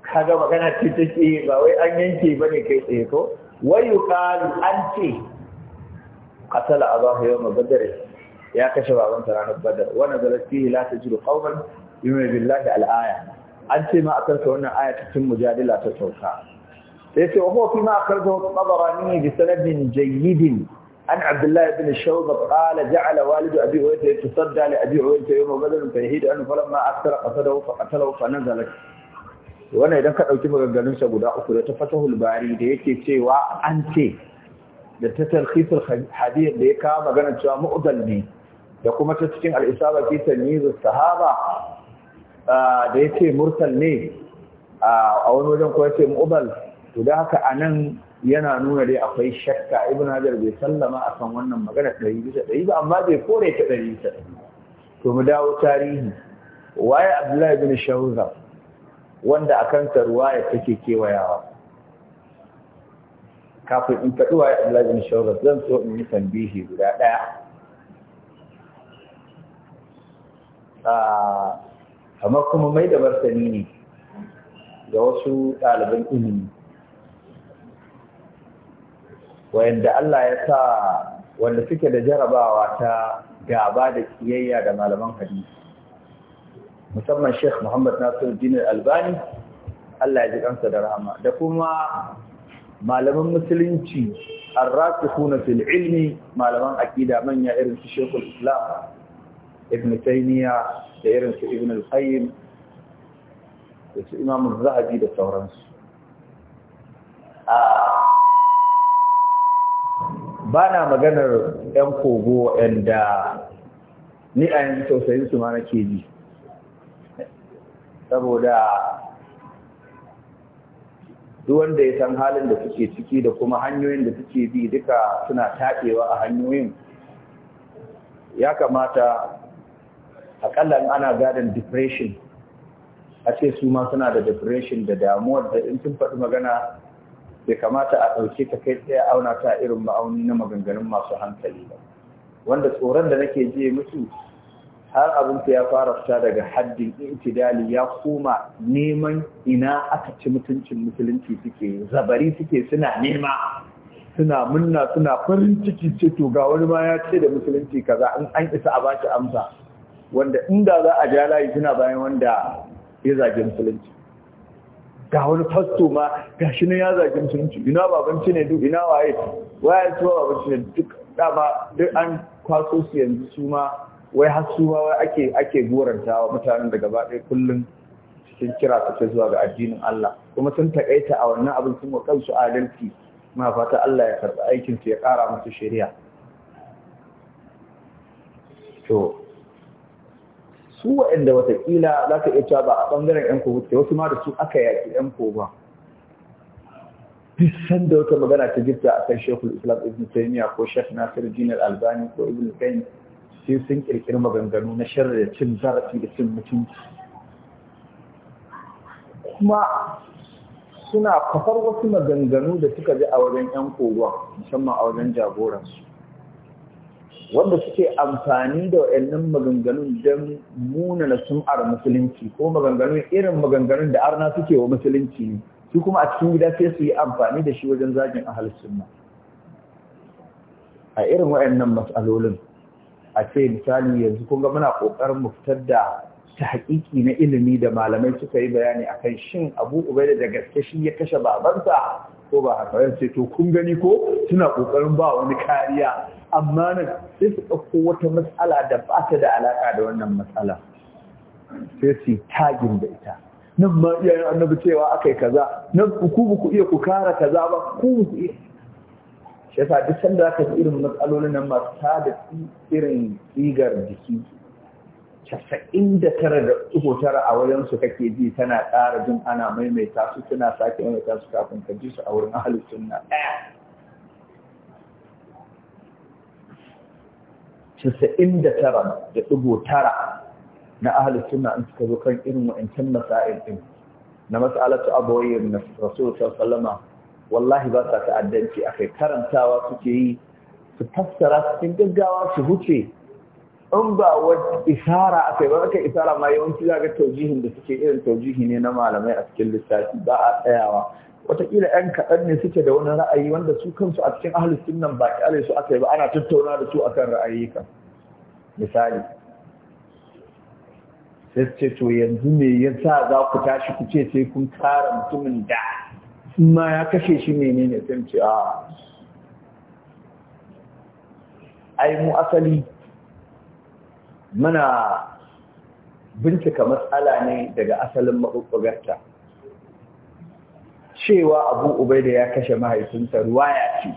kaga magana ce take ba wai an yanke bane kai tsaye ko wayu qalu an ce qatala abahu yawm ya kashe babansa ranar badar wa nazalat fihi la tajidu qauman yu'minu billahi al'aya an ce ma a karka wannan aya ta mujadila ta sauka sai ce wa fi ma akarzahu ne bi sanadin jayyidin an Abdullahi bin shawba kala ja'ala walidu abi uwayta yatasadda li abi uwayta yawma badr fa yahidu an kasa da qasadahu fa qatalahu nan nazalat wannan idan ka ɗauki maganganun sa guda uku da ta fatahul hulbari da yake cewa an ce da ta tarkhisul hadith da ya kawo magana cewa mu'dal ne da kuma ta cikin al-isaba fi tamyiz sahaba da ya ce mursal ne a wani wajen kuma ya ce Mubal? to da haka anan yana nuna dai akwai shakka ibn hajar bai sallama a kan wannan magana ɗari bisa ɗari ba amma bai kore ta ɗari bisa ɗari to mu dawo tarihi waye abdullahi bin shawza wanda a kan ruwa ya take kewayawa kafin in faɗi waye abdullahi bin shawza zan so in yi tambihi guda ɗaya amma kuma mai da martani ne ga wasu ɗaliban ilimi wanda Allah ya sa wanda suke da jarabawa ta gaba da kiyayya da malaman hadisi musamman Sheikh Muhammad Nasiruddin Albani Allah ya ji kansa da rahama da kuma malaman musulunci arrasikuna fil ilmi malaman akida manya irin su Sheikhul Islam ibn taymiya da irin su ibn al-qayyim da su imam zahabi da sauransu ba na maganar 'yan kogo yadda ni a yanzu tausayin su ma nake ji saboda duk wanda ya san halin da suke ciki da kuma hanyoyin da suke bi duka suna taɗewa a hanyoyin ya kamata akalla in ana gadon depression a ce su ma suna da depression da damuwar da in sun faɗi magana bai kamata a ɗauke ta kai tsaye auna ta irin ma'auni na maganganun masu hankali ba wanda tsoron da nake je musu har abin ya fara fita daga haddin intidali ya koma neman ina aka ci mutuncin musulunci suke zabari suke suna nema suna munna suna farin ciki ce to ga wani ma ya ce da musulunci kaza an isa a bashi amsa wanda inda za a ja layi suna bayan wanda ya zage musulunci ga wani fasto ma ga shi ne ya zage musulunci ina babanci ne duk ina waye waye su babanci ne duk dama duk an kwaso su yanzu su ma wai har su ma wai ake ake goranta wa mutanen da gaba ɗaya kullum cikin kira su ce zuwa ga addinin Allah kuma sun takaita a wannan abin sun wa su adalci ma fata Allah ya karɓi aikinsu ya ƙara musu shari'a to su waɗanda watakila za ka iya ba a ɓangaren ‘yan kogo ta wasu ma da su aka yaƙi ‘yan kogo duk sanda wata magana ta gifta a kan shekul islam ibn taimiyya ko shek nasir jinar albani ko ibn kain sai sun kirkiri maganganu na sharri da cin zarafi da cin mutunci kuma suna kafar wasu maganganu da suka ji a wajen ‘yan kogon musamman a wajen jagoransu wanda suke amfani da wa'annan maganganun don munana sum'ar musulunci ko maganganun irin maganganun da arna suke wa musulunci ne su kuma a cikin gida sai su yi amfani da shi wajen zagin ahal sunna a irin wa'annan matsalolin a ce misali yanzu kun ga muna kokarin mu fitar da ta haƙiƙi na ilimi da malamai suka yi bayani a kan shin Abu Ubaida da gaske shi ya kashe babansa ko ba haka sai to kun gani ko suna ƙoƙarin ba wani kariya amma na sai su ɗauko wata matsala da ba ta da alaƙa da wannan matsala sai su yi tagin da ita nan ma iyayen annabi cewa aka yi kaza nan ku ku iya ku kara kaza ba ku ku iya shi yasa duk sanda aka ji irin matsalolin nan masu tada irin tsigar jiki casa'in da tara da uku tara a wajen su kake ji tana ƙara jin ana maimaita su suna sake maimaita su kafin ka ji su a wurin ahalus sunna ɗaya casa'in da tara na ahalin suna in suka zo kan irin wa'ancan masa'il ɗin na mas'alatu abawayyin na rasul sallama wallahi ba sa ta'addanci a kai karantawa suke yi su fassara cikin gaggawa su huce in ba wata isara a kai ba aka isara ma yawanci za ga taujihin da suke irin taujihi ne na malamai a cikin lissafi ba a tsayawa Wataƙila yan kaɗan ne suke da wani ra'ayi wanda su kansu a cikin ahalus nan ba kyale su aka yi ba ana tattauna da su akan ra'ayi ka. misali sai ce to yanzu me yasa za ku tashi ku ce sai kun kara mutumin da sun ma ya kashe shi ne sai ce a ai mu asali mana bincika matsala ne daga asalin maɓuɓɓugarta cewa abu ubaida ya kashe mahaifinsa ruwaya ce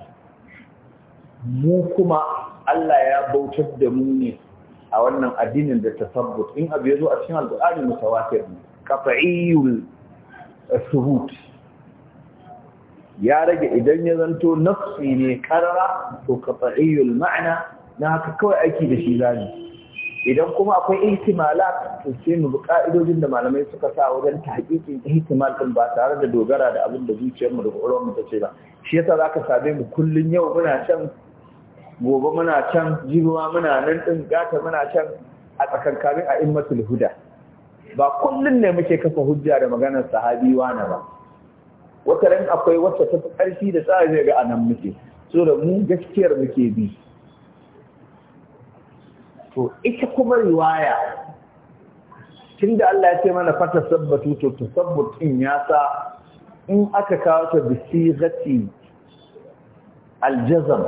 mu kuma Allah ya bautar da mu ne a wannan addinin da ta tasabbut in abu ya zo a cikin alƙur'ani mutawatir ne qat'iyul thubut ya rage idan ya zanto nafsi ne karara to qat'iyul ma'ana na haka kawai aiki da shi zani idan kuma akwai ihtimala to ce mu bi ka'idojin da malamai suka sa wajen tahqiqin ihtimal din ba tare da dogara da abin da zuciyar mu da ƙwaƙwalwar mu ce ba shi yasa zaka same mu kullun yau muna can gobe muna can jiruwa muna nan din gata muna can a tsakankanin a'immatul huda ba kullun ne muke kafa hujja da maganar sahabi wani ba wata ran akwai wacce ta fi ƙarfi da tsari ga anan muke so da mu gaskiyar muke bi to ita kuma riwaya tunda Allah ya ce mana fata sabbatu to tasabbut ya sa in aka kawo ta bi sigati aljazam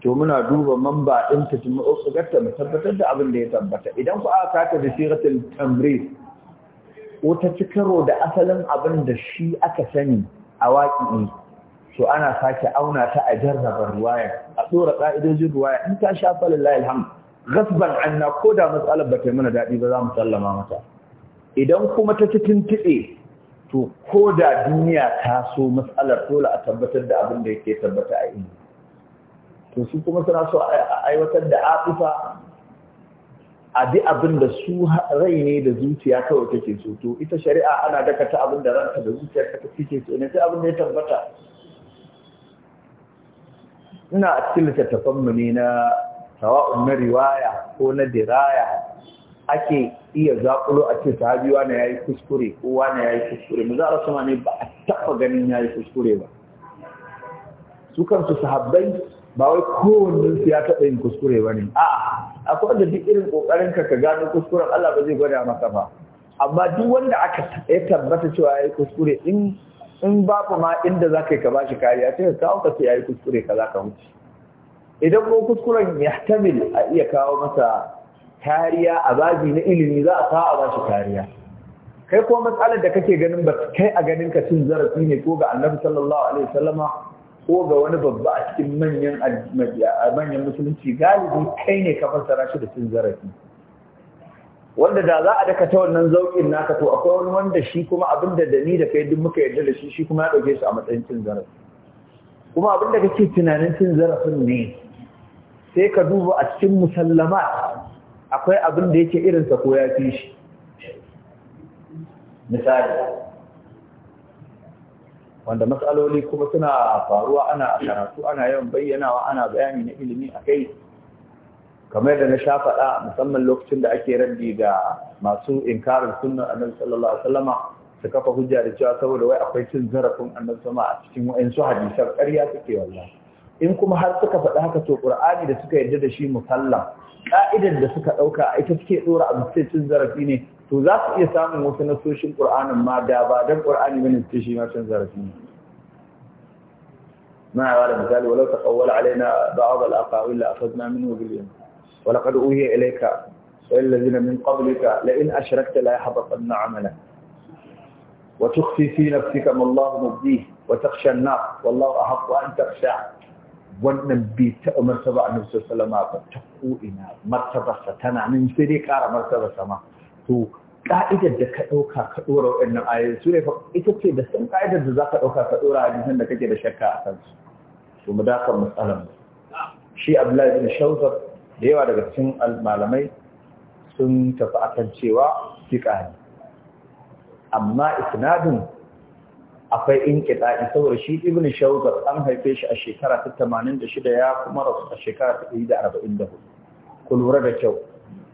to muna duba mamba din ta tuma mu tabbatar da abin da ya tabbata idan ku aka kawo ta bi sigatin tamri ko ta cikaro da asalin abin da shi aka sani a waƙi to ana sake auna ta a jarraba ruwaya a tsora ƙa'idojin ruwaya in ta sha lillahi alhamdu gasban anna ko da matsalar ba ta mana daɗi ba za mu sallama mata idan kuma ta ci tuntuɓe to ko da duniya ta so matsalar dole a tabbatar da abin da yake tabbata a yi to su kuma suna so a aiwatar da afifa a bi abin da su rai ne da zuciya kawai take so to ita shari'a ana dakata abin da ranta da zuciya ta ke so ne sai abin da ya tabbata ina a cikin littattafan mu ne na sawa'un na riwaya ko na diraya ake iya zaƙulo a ce sahabi wani yi kuskure ko wani yi kuskure mu za a rasu ne ba a taɓa ganin ya yi kuskure ba su kansu sahabbai ba wai kowanne su ya taɓa yin kuskure ba ne a'a akwai wanda duk irin ƙoƙarin ka ka gano kuskuren Allah ba zai gwada maka ba amma duk wanda aka ya tabbata cewa yi kuskure in in babu ma inda zaka yi ka bashi kariya sai ka kawo ka sai yayi kuskure za ka wuce idan ko kuskuren ya tamil a iya kawo masa kariya a babi na ilimi za a sa a bashi kariya kai ko matsalar da kake ganin ba kai a ganin ka cin zarafi ne ko ga annabi sallallahu alaihi wasallama ko ga wani babba a cikin manyan manyan musulunci galibi kai ne ka fassara shi da cin zarafi wanda da za a daka ta wannan zaukin naka to akwai wani wanda shi kuma abin da ni da kai duk muka yarda da shi shi kuma ya ɗauke shi a matsayin cin zarafi kuma abin da kake tunanin cin zarafin ne sai ka duba a cikin musallama akwai abin da yake irinsa ko ya fi shi misali wanda matsaloli kuma suna faruwa ana a karatu ana yawan bayyanawa ana bayani na ilimi a kai kamar da na sha faɗa musamman lokacin da ake raddi ga masu inkarin sunan annabi sallallahu alaihi wasallama su kafa hujja da cewa saboda wai akwai cin zarafin annabi sama a cikin wayansu hadisan ƙarya suke wallahi in kuma har suka faɗi haka to qur'ani da suka yarda da shi musallam ka'idar da suka ɗauka ita suke ɗora a sai cin zarafi ne to za su iya samun wasu nasoshin qur'anin ma da ba dan qur'ani bane su shi ma cin zarafi ne ما على مثال ولو تقول علينا بعض الأقاويل لأخذنا منه باليمين ولقد أوهي إليك والذين من قبلك لئن أشركت لا يحبطن عملك وتخفي في نفسك ما الله مبديه وتخشى النار والله أحق an تخشاه wannan bai taɓa martaba a nufisar salama ba ta ko'ina martabarsa tana nan sai dai ƙara martabarsa ma to ƙa'idar da ka ɗauka ka ɗora nan, ayoyi su ne ita ce da san ƙa'idar da za ka ɗauka ka ɗora hadisan da kake da shakka a kansu to mu dakar matsalar shi abdullahi bin shawzar da yawa daga cikin malamai sun tafi akan cewa fiƙa ne amma isnadin akwai in saboda shi ibn shawzar an haife shi a shekara ta tamanin da shida ya kuma rasu a shekara ta ɗari da da arba'in hudu. ku lura da kyau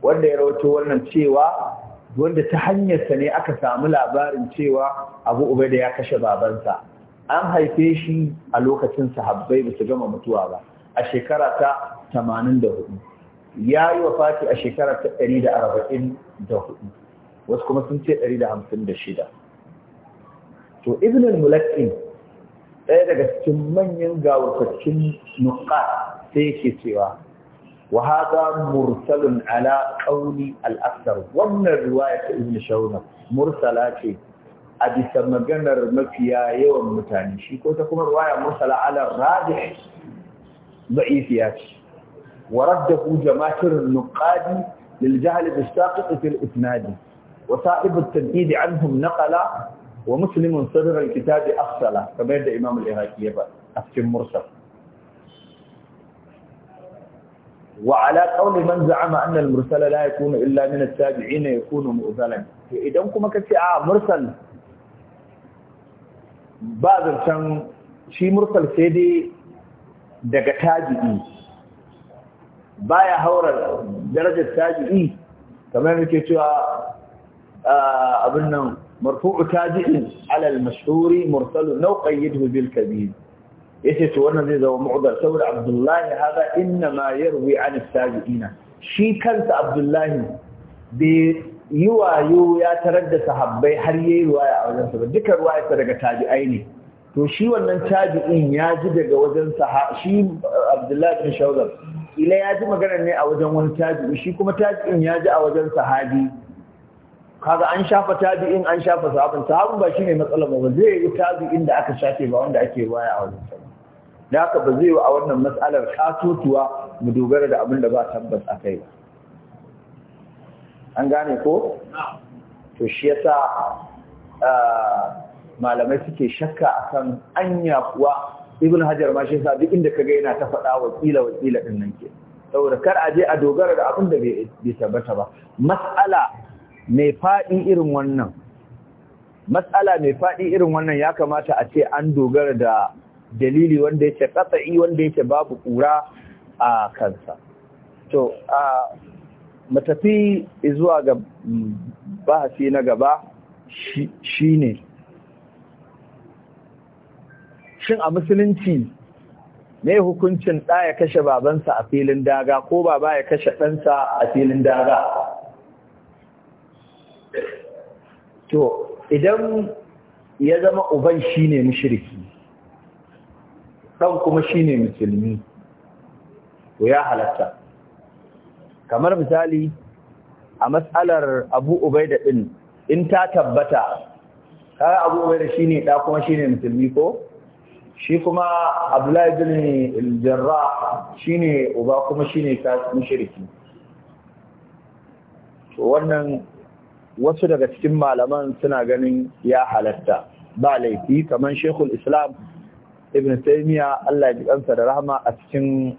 wanda ya rawaito wannan cewa wanda ta hanyarsa ne aka samu labarin cewa abu da ya kashe babansa an haife shi a lokacin sahabbai ba su gama mutuwa ba a shekara ta tamanin da hudu. ya yi Fati a shekara ta ɗari da da arba'in hudu, wasu kuma sun ce ɗari da da hamsin shida. to ibn al ɗaya daga cikin manyan gawarkacin nuqa sai yake cewa wa hada mursalun ala ƙauni al-akthar wannan riwaya ta ibn Shauna, mursala ce a bisa maganar mafiya yawan mutane shi ko ta kuma riwaya mursala ala rajih da'ifiya ce wa raddahu jama'atir nuqadi lil jahl bi fi al-isnad وصاحب التنفيذ عنهم نقل wa muslimun sadrar kitabi afsala kamar yadda imam al-iraqi ya faɗi a cikin mursal wa ala qawli man za'ama anna al-mursala la yakunu illa min at-tabi'in yakunu mu'zalan to idan kuma kace a mursal ba zancan shi mursal sai dai daga tabi'i baya haura darajar tabi'i kamar yake cewa abin nan marfu'u tabi'in ala al-mashhuri mursalu law qayyidhu bil kabir yace to wannan zai zama mu'dar saboda Abdullahi hada inna ma yarwi an tabi'ina shi kansa Abdullahi bai yi wayo ya tarar da sahabbai har yayi ruwaya a wajen sa ba duka ruwaya ta daga tabi'ai ne to shi wannan tabi'in ya ji daga wajen saha shi Abdullahi bin Shawzab ila ya ji magana ne a wajen wani tabi'i shi kuma tabi'in ya ji a wajen sahabi kaga an shafa tabi'in an shafa sahabin sahabin ba shine matsalar ba zai yi tabi'in da aka shafe ba wanda ake baya a wajen sa da haka ba zai yi a wannan matsalar katotuwa mu dogara da abin da ba tabbas a kai ba an gane ko to shi yasa ah, malamai suke shakka akan anya kuwa ibn hajar ma shi yasa duk inda kaga yana ta faɗa wa wakila din nan ke saboda kar a je a dogara da abin da bai tabbata ba matsala. mai faɗi irin wannan matsala mai faɗi irin wannan ya kamata a ce an dogara da dalili wanda yake katsa'i wanda yake babu ƙura a kansa to a matafi zuwa ga bahasi na gaba shi ne. shin a musulunci ne hukuncin ɗaya kashe babansa a filin daga ko baba ya kashe ɗansa a filin daga to idan ya zama uban shine mushriki dan kuma shine musulmi to ya halatta kamar misali a matsalar Abu Ubaida din in ta tabbata kaga Abu Ubaida shine da kuma shine musulmi ko shi kuma Abdullahi bin Jarrah shine uba kuma shine mushriki to wannan wasu daga cikin malaman suna ganin ya halatta ba laifi kamar shekul islam ibn taimiyya allah ya ji da rahama a cikin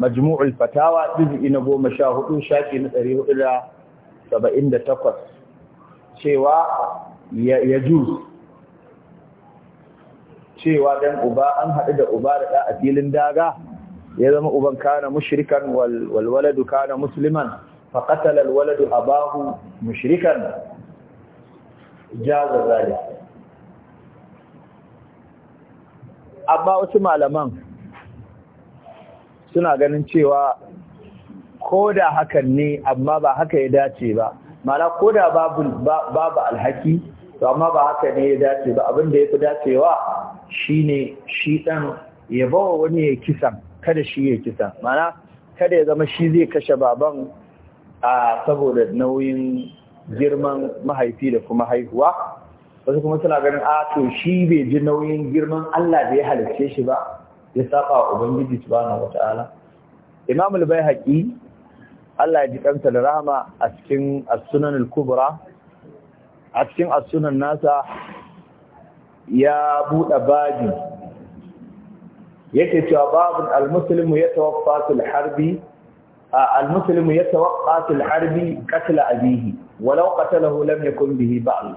majmu'ul fatawa juz'i na goma sha hudu shaƙi na ɗari hudu da saba'in da takwas cewa ya ju cewa dan uba an haɗu da uba da ɗa a filin daga ya zama uban kana mushrikan walwaladu kana musliman فقتل الولد أباه مشركا جاز ذلك amma wasu malaman suna ganin cewa ko da hakan ne amma ba haka ya dace ba mana ko da babu alhaki to amma ba haka ne ya dace ba abin da ya fi dacewa shine shi ɗan ya bawa wani ya kisan kada shi ya kisan mana kada ya zama shi zai kashe baban a saboda nauyin girman mahaifi da kuma haihuwa wasu kuma suna ganin a to shi bai ji nauyin girman Allah da ya halicce shi ba ya saba wa ubangiji subhanahu wataala imam al-baihaqi Allah ya ji kansa da rahama a cikin as al-kubra a cikin asunan nasa ya buɗe babi yake cewa babun al-muslimu yatawaffa fil harbi المسلم يتوقع في الحرب قتل أبيه ولو قتله لم يكن به بعض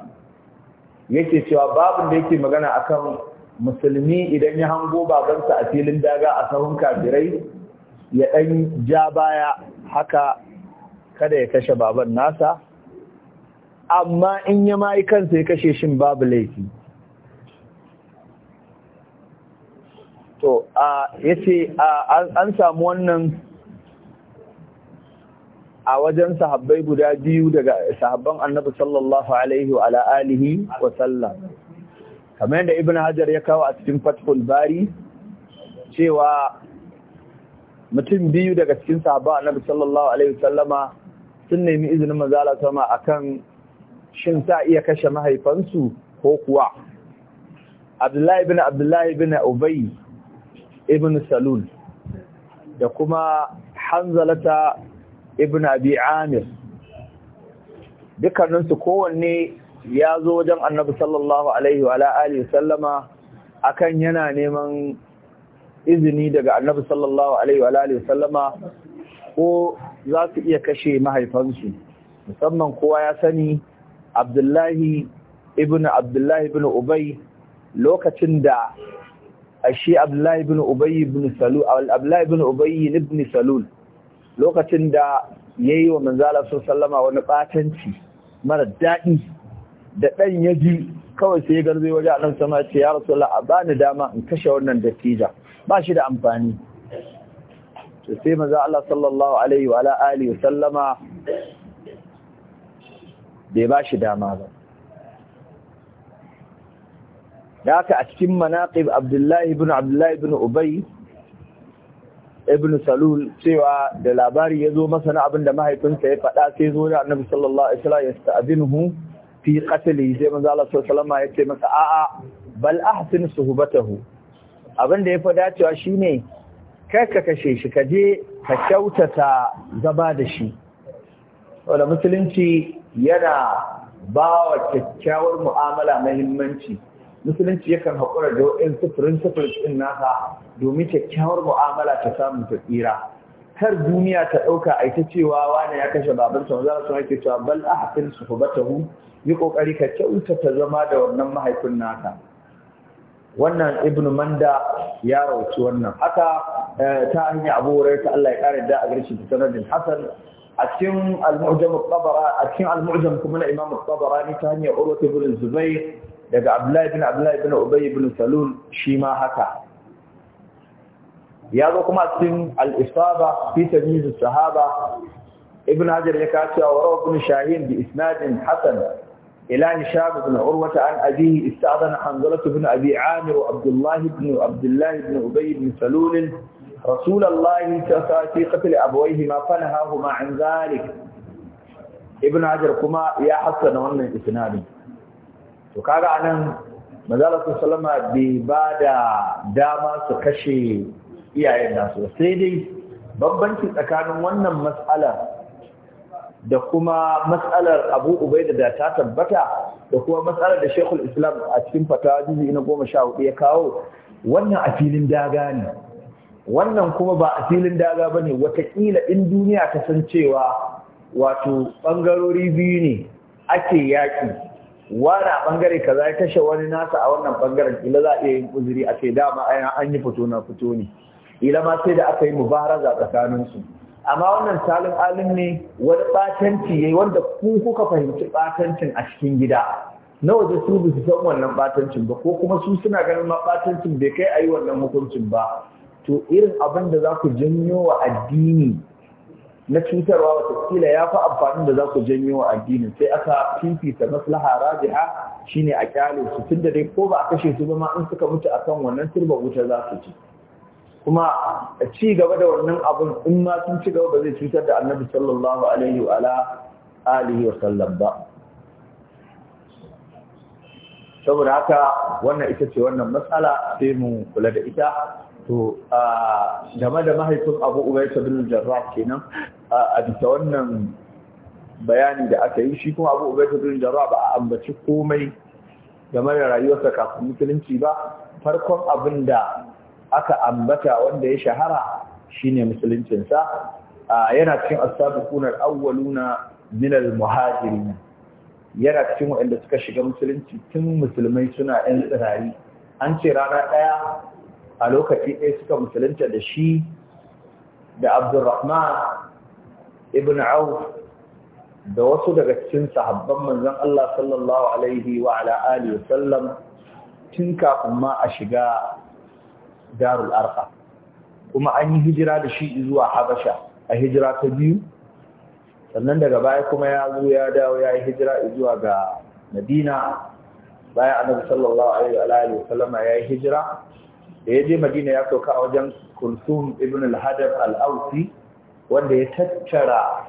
yake cewa babin da yake magana akan musulmi idan ya hango babansa a filin daga a sahun kafirai ya ɗan ja baya haka kada ya kashe baban nasa amma in ya mayi kansa ya kashe shin babu laifi yace an samu wannan a wajen sahabbai guda biyu daga sahabban annabi sallallahu alaihi wa ala alihi wa sallam kamar yadda ibn hajar ya kawo a cikin fathul bari cewa mutum biyu daga cikin sahabban annabi sallallahu alaihi wa sallama sun nemi izinin mazala sama akan shin sa iya kashe mahaifansu ko kuwa Abdullahi ibn Abdullahi ibn Ubay ibn Salul da kuma Hanzalata ibn abi amir dukkaninsu kowanne ya zo wajen annabi sallallahu alaihi wa alihi sallama akan yana neman izini daga annabi sallallahu alaihi wa alihi sallama ko za su iya kashe mahaifansu musamman kowa ya sani abdullahi ibn abdullahi ibn ubay lokacin da ashe abdullahi ibn ubay ibn salul abdullahi ibn ubay ibn salul lokacin da ya yi wa manzala sun sallama wani ɓatanci mara daɗi da ɗan ya ji kawai sai ya garzai waje a nan sama ce ya rasu a bani dama in kashe wannan dattija ba shi da amfani to sai maza Allah sallallahu alaihi wa ala alihi wa sallama bai ba shi dama ba da haka a cikin manaqib Abdullahi ibn Abdullahi ibn Ubay ibn salul cewa da labari ya zo masa na abin da mahaifinsa ya faɗa sai zo da annabi sallallahu alaihi wasallam ya sta'dinhu fi qatli sai manzo Allah sallallahu alaihi ya ce masa a'a bal ahsin suhbatahu abin da ya fi dacewa shine kai ka kashe shi ka je ka kyautata zama da shi wanda musulunci yana ba wa kyakkyawar mu'amala muhimmanci musulunci yakan haƙura da waɗansu sufurin ɗin nasa domin kyakkyawar mu'amala ta samun ta tsira kar duniya ta ɗauka a ita cewa wani ya kashe sa maza su ake cewa bal a hafin su hu yi ƙoƙari ka kyauta ta zama da wannan mahaifin naka wannan ibn manda ya rauci wannan haka eh, ta hanyar abu ta Allah ya ƙara da a garshi da sanadin hasan a cikin al-mu'jam al a cikin al-mu'jam kuma na imam al ne ta hanyar urwatu ibn zubair daga abdullahi bin abdullahi bin ubay bin salul shi ma haka ya zo kuma cikin al-isaba fi tamyiz sahaba ibn hajar ya ka cewa wa rawu shahin bi isnadin hasan ila hisham bin urwa an abihi istadana hanzalah bin abi amir wa abdullah bin abdullah bin ubay bin salul رسول الله في قتل أبويهما فنهاهما عن ذلك ابن عجر كما يا حسن وانا إسنادي to kaga anan manzala sallama bi bai ba da dama su kashe iyayen nasu sai dai bambanci tsakanin wannan matsalar da kuma matsalar abu ubaida da ta tabbata da kuma matsalar da shekul islam a cikin fatawa juzi na goma sha hudu ya kawo wannan a filin daga ne wannan kuma ba a filin daga ba ne watakila in duniya ta san cewa wato ɓangarori biyu ne ake yaƙi wani a bangare kaza ya kashe wani nasa a wannan bangaren Ila za a iya yin uzuri a sai dama an anyi fito na fito ne ila ma sai da aka yi mubaraza tsakanin su amma wannan salin alim ne wani ya yi wanda ku kuka fahimci ɓatancin a cikin gida na waje su bi su san wannan ɓatancin ba ko kuma su suna ganin ma ɓatancin bai kai a yi wannan hukuncin ba to irin abin da za ku janyo wa addini na cutarwa watakila ya fi amfanin da za ku janyo wa addinin sai aka fifita maslaha rajiha shine a kyale su tun da dai ko ba a kashe su ba ma in suka mutu akan wannan turba wuta za su ci kuma ci gaba da wannan abun in ma sun ci gaba ba zai cutar da annabi sallallahu alaihi wa ala alihi wa sallam ba saboda haka wannan ita ce wannan matsala sai mu kula da ita to game da mahaifin abu ubaisa bin jarrah kenan a bisa wannan bayani da aka yi shi kuma abu ubaisa bin jarrah ba a ambaci komai game da rayuwarsa kafin musulunci ba farkon abin da aka ambata wanda ya shahara shine musuluncinsa yana cikin asabiqunar awwaluna min al-muhajirin yana cikin waɗanda suka shiga musulunci tun musulmai suna 'yan tsirari an ce rana ɗaya a lokaci ɗaya suka musulunta da shi da abdurrahman ibn auf da wasu daga cikin sahabban manzon Allah sallallahu alaihi wa ala alihi sallam tun kafin ma a shiga darul arqa kuma an yi hijira da shi zuwa habasha a hijira ta biyu sannan daga baya kuma ya zo ya dawo ya yi hijira zuwa ga madina bayan annabi sallallahu alaihi wa sallama ya yi hijira da ya je madina ya sauka a wajen kulsum ibn al-hadar al-ausi wanda ya tattara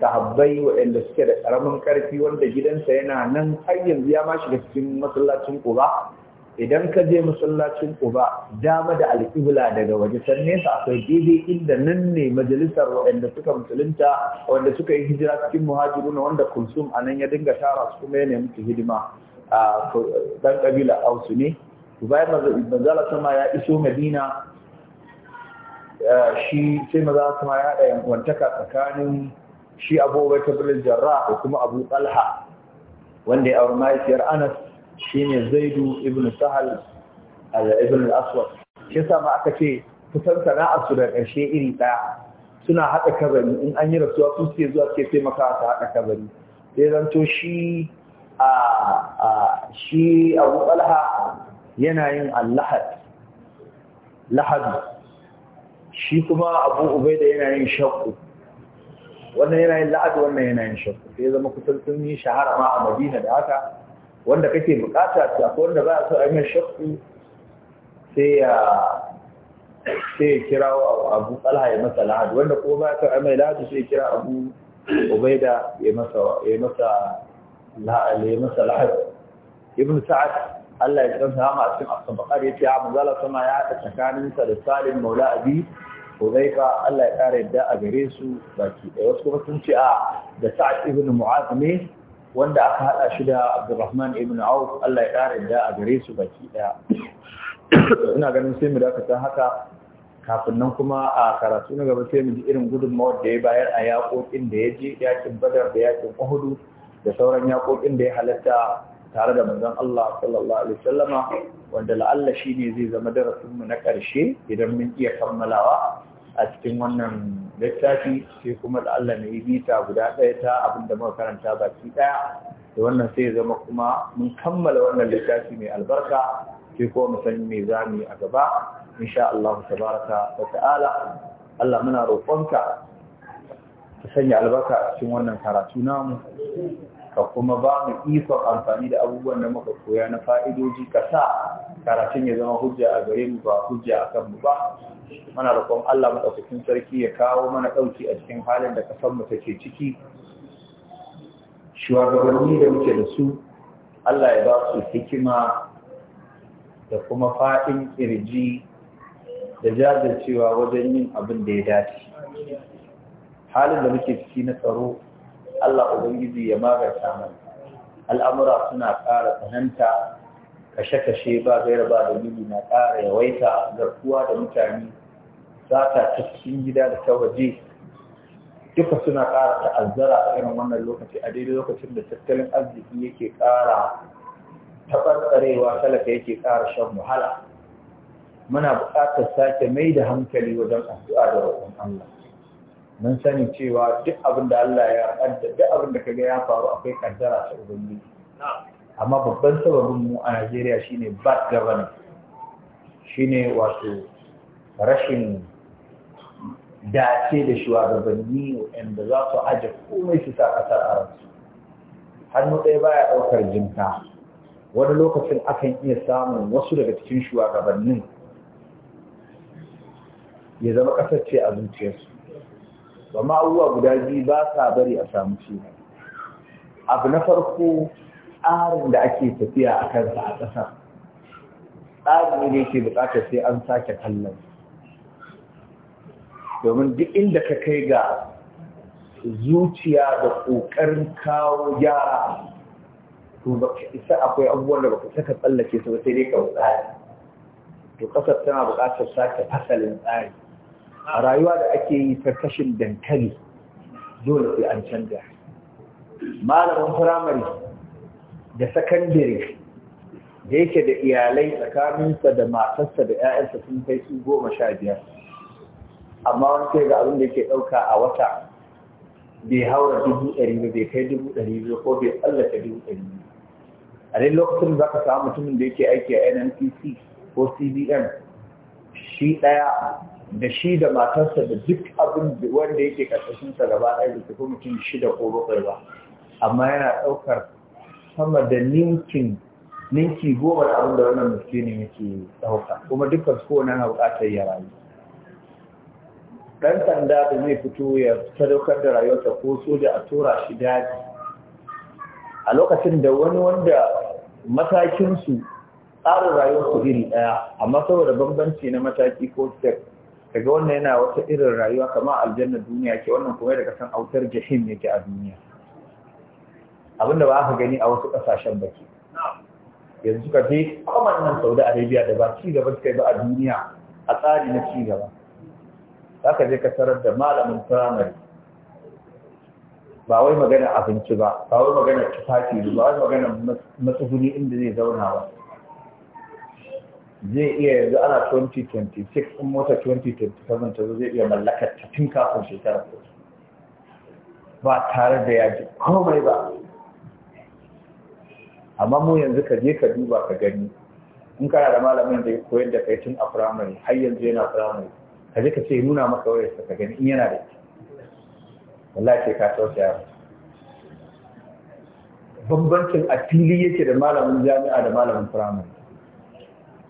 sahabbai waɗanda suke da ƙaramin ƙarfi wanda gidansa yana nan har yanzu ya ma shiga cikin masallacin uba idan ka je masallacin uba dama da alƙibla daga waje can nesa akwai daidai inda nan ne majalisar waɗanda suka musulunta wanda suka yi hijira cikin muhajiru na wanda kulsum a nan ya dinga tara su kuma ya nemi hidima a ah, ɗan ƙabila ausu ne to bayan manzala sama ya iso madina eh, shi sai manzala sama ya haɗa yankwantaka tsakanin shi abubakar jarra da kuma abu talha wanda ya auri mahaifiyar anas ne zaidu ibn sahal eh, ibn al-aswad shi yasa aka ce kusan sana'ar su da ƙarshe iri ɗaya suna haɗa kabari in an yi rasuwa su suke zuwa suke taimaka ta haɗa kabari sai zanto shi a ah, ah, shi abu talha yana yin allahad lahadu shi kuma abu ubaida yana yin shakku wannan yana yin la'adu wannan yana yin shakku sai zama kusan sun yi shahara ma a madina da haka wanda kake bukata ta ko wanda za a so a yi shakku sai ya sai ya kira abu talha ya masa la'adu wanda kuma ba a so a mai la'adu sai ya kira abu ubaida ya masa ya masa la'adu ibn sa'ad Allah ya sa hama a cikin asabakar ya ce hamu ah, zala sama ya haɗa tsakaninsa da salim maula abi huzaifa Allah ya ƙara yadda a gare su baki ɗaya wasu kuma sun ce a ah, da sa'ad ibn mu'az ne wanda aka haɗa shi da abdurrahman ibn auf Allah ya ƙara yadda a gare su baki ɗaya ina ganin sai mu dakatar haka kafin nan kuma a karatu na gaba sai mu ji irin gudunmawar da ya bayar a yaƙoƙin da ya je yaƙin badar da yaƙin uhudu da sauran yaƙoƙin da ya halatta tare da manzon Allah sallallahu alaihi sallama, wanda la'alla shine zai zama darasin mu na ƙarshe idan mun iya kammalawa a cikin wannan littafi sai kuma la'alla ne bita guda ɗaya ta abinda muka karanta baki ɗaya da wannan sai zama kuma mun kammala wannan littafi mai albarka sai kuma mu san me za mu yi a gaba insha Allah tabaraka wa ta'ala Allah muna roƙonka ka sanya albarka a cikin wannan karatu namu ka kuma ba mu ikon amfani da abubuwan da muka koya na fa'idoji ka sa karatun ya zama hujja a gare mu ba hujja a kan mu ba muna roƙon Allah maɗaukakin sarki ya kawo mana ɗauki a cikin halin da ka mu take ciki shugabanni da muke da su Allah ya ba su hikima da kuma faɗin ƙirji da jajircewa wajen yin abin da ya dace halin da muke ciki na tsaro Allah Ubangiji ya magarta mana al'amura suna ƙara tsananta kashe-kashe ba gaira ba da mili na ƙara yawaita garkuwa da mutane za ta cikin gida da ta waje duka suna ƙara ta'azzara a irin wannan lokaci a daidai lokacin da tattalin arziki yake ƙara taɓarɓarewa talaka yake ƙara shan wahala muna buƙatar sake mai da hankali wajen addu'a da roƙon Allah mun sani cewa duk abin da Allah ya kadda duk abin da kaga ya faru akwai kaddara ta ubangiji amma babban sababin mu a Najeriya shine bad governance shine wato rashin dace da shugabanni wanda za su aje komai su sa kasar a hannu ɗaya baya ɗaukar jinta wani lokacin akan iya samun wasu daga cikin shugabannin ya zama ƙasar ce a zuciyarsu Wa abubuwa guda biyu ba sa bari a samu ci abu na farko tsarin da ake tafiya a kansa a ƙasa tsarin ne yake buƙatar sai an sake kallon domin duk inda ka kai ga zuciya da ƙoƙarin kawo gyara to ba ka isa akwai abubuwan da ba ka saka tsallake su ba sai dai ka tsari to ƙasar tana buƙatar sake fasalin tsari a rayuwa da ake yi ta kashin dankali dole sai an canja malamin firamare da sakandare da yake da iyalai tsakaninsa da matarsa da 'ya'yansa sun kai su goma sha biyar amma wani sai ga abin da yake ɗauka a wata bai haura dubu ɗari ba bai kai dubu ɗari ba ko bai tsallaka dubu ɗari ba a dai lokacin da zaka samu mutumin da yake aiki a nnpc ko cbn shi ɗaya da shi da matarsa da duk abin wanda yake ƙarƙashinsa gaba ɗaya da tafi mutum shida ko bakwai ba amma yana ɗaukar sama da ninkin ninki goma da abin da wannan miskinin yake ɗauka kuma dukkan su kowane na buƙatar ya rayu ɗan sanda da zai fito ya sadaukar da rayuwarsa ko soja a tura shi daji a lokacin da wani wanda matakinsu tsarin rayuwarsu iri ɗaya amma saboda bambanci na mataki ko step daga wannan yana wata irin rayuwa kama aljanna duniya ke wannan kuma daga san autar jahim yake a duniya abinda ba aka gani a wasu kasashen baki yanzu ka je kwamar nan saudi arabia da ba ci gaba suka yi ba a duniya a tsari na ci gaba za ka je kasarar da malamin firamare ba wai magana abinci ba ba wai magana tufafi ba wai magana matsuguni inda zai zauna ba zai iya yanzu ana 2026 in mota 2027 ta zo zai iya mallakar ta tun kafin shekara ba tare da ya ji komai ba amma mu yanzu ka je ka duba ka gani in kana da malamin da ya koyar da kai tun a firamare har yanzu yana firamare ka je ka ce nuna maka wayarsa ka gani in yana da ita wallahi sai ka tausa ya? bambancin a fili yake da malamin jami'a da malamin firamare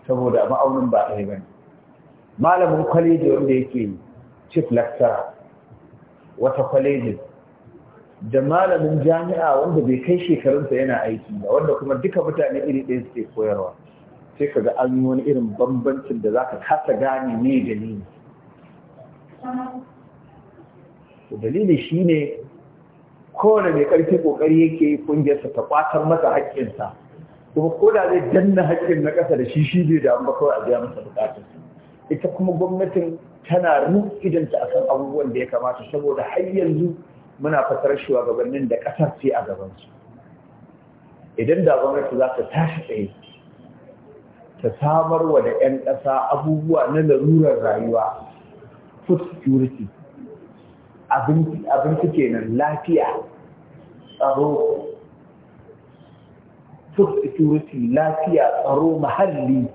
saboda ma'aunin ba ɗaya bane malamin kwaleji wanda yake chief lecturer wata kwalejin da malamin jami'a wanda bai kai shekarunsa yana aiki ba wanda kuma duka mutane iri ɗaya suke koyarwa sai ka ga an yi wani irin bambancin da za ka kasa gane ne da ni dalili shine kowane mai ƙarfi ƙoƙari yake ƙungiyarsa ta ƙwatar masa haƙƙinsa kuma ko da zai danna haƙƙin na ƙasa da shi shi zai da ba kawai a biya masa buƙatar ita kuma gwamnatin tana rufidanta akan abubuwan da ya kamata saboda har yanzu muna fatar shugabannin da ƙasar ce a gabansu idan da gwamnati za ta tashi tsaye ta samar wa da 'yan ƙasa abubuwa na larurar rayuwa food security abinci kenan lafiya tsaro food security lafiya tsaro muhalli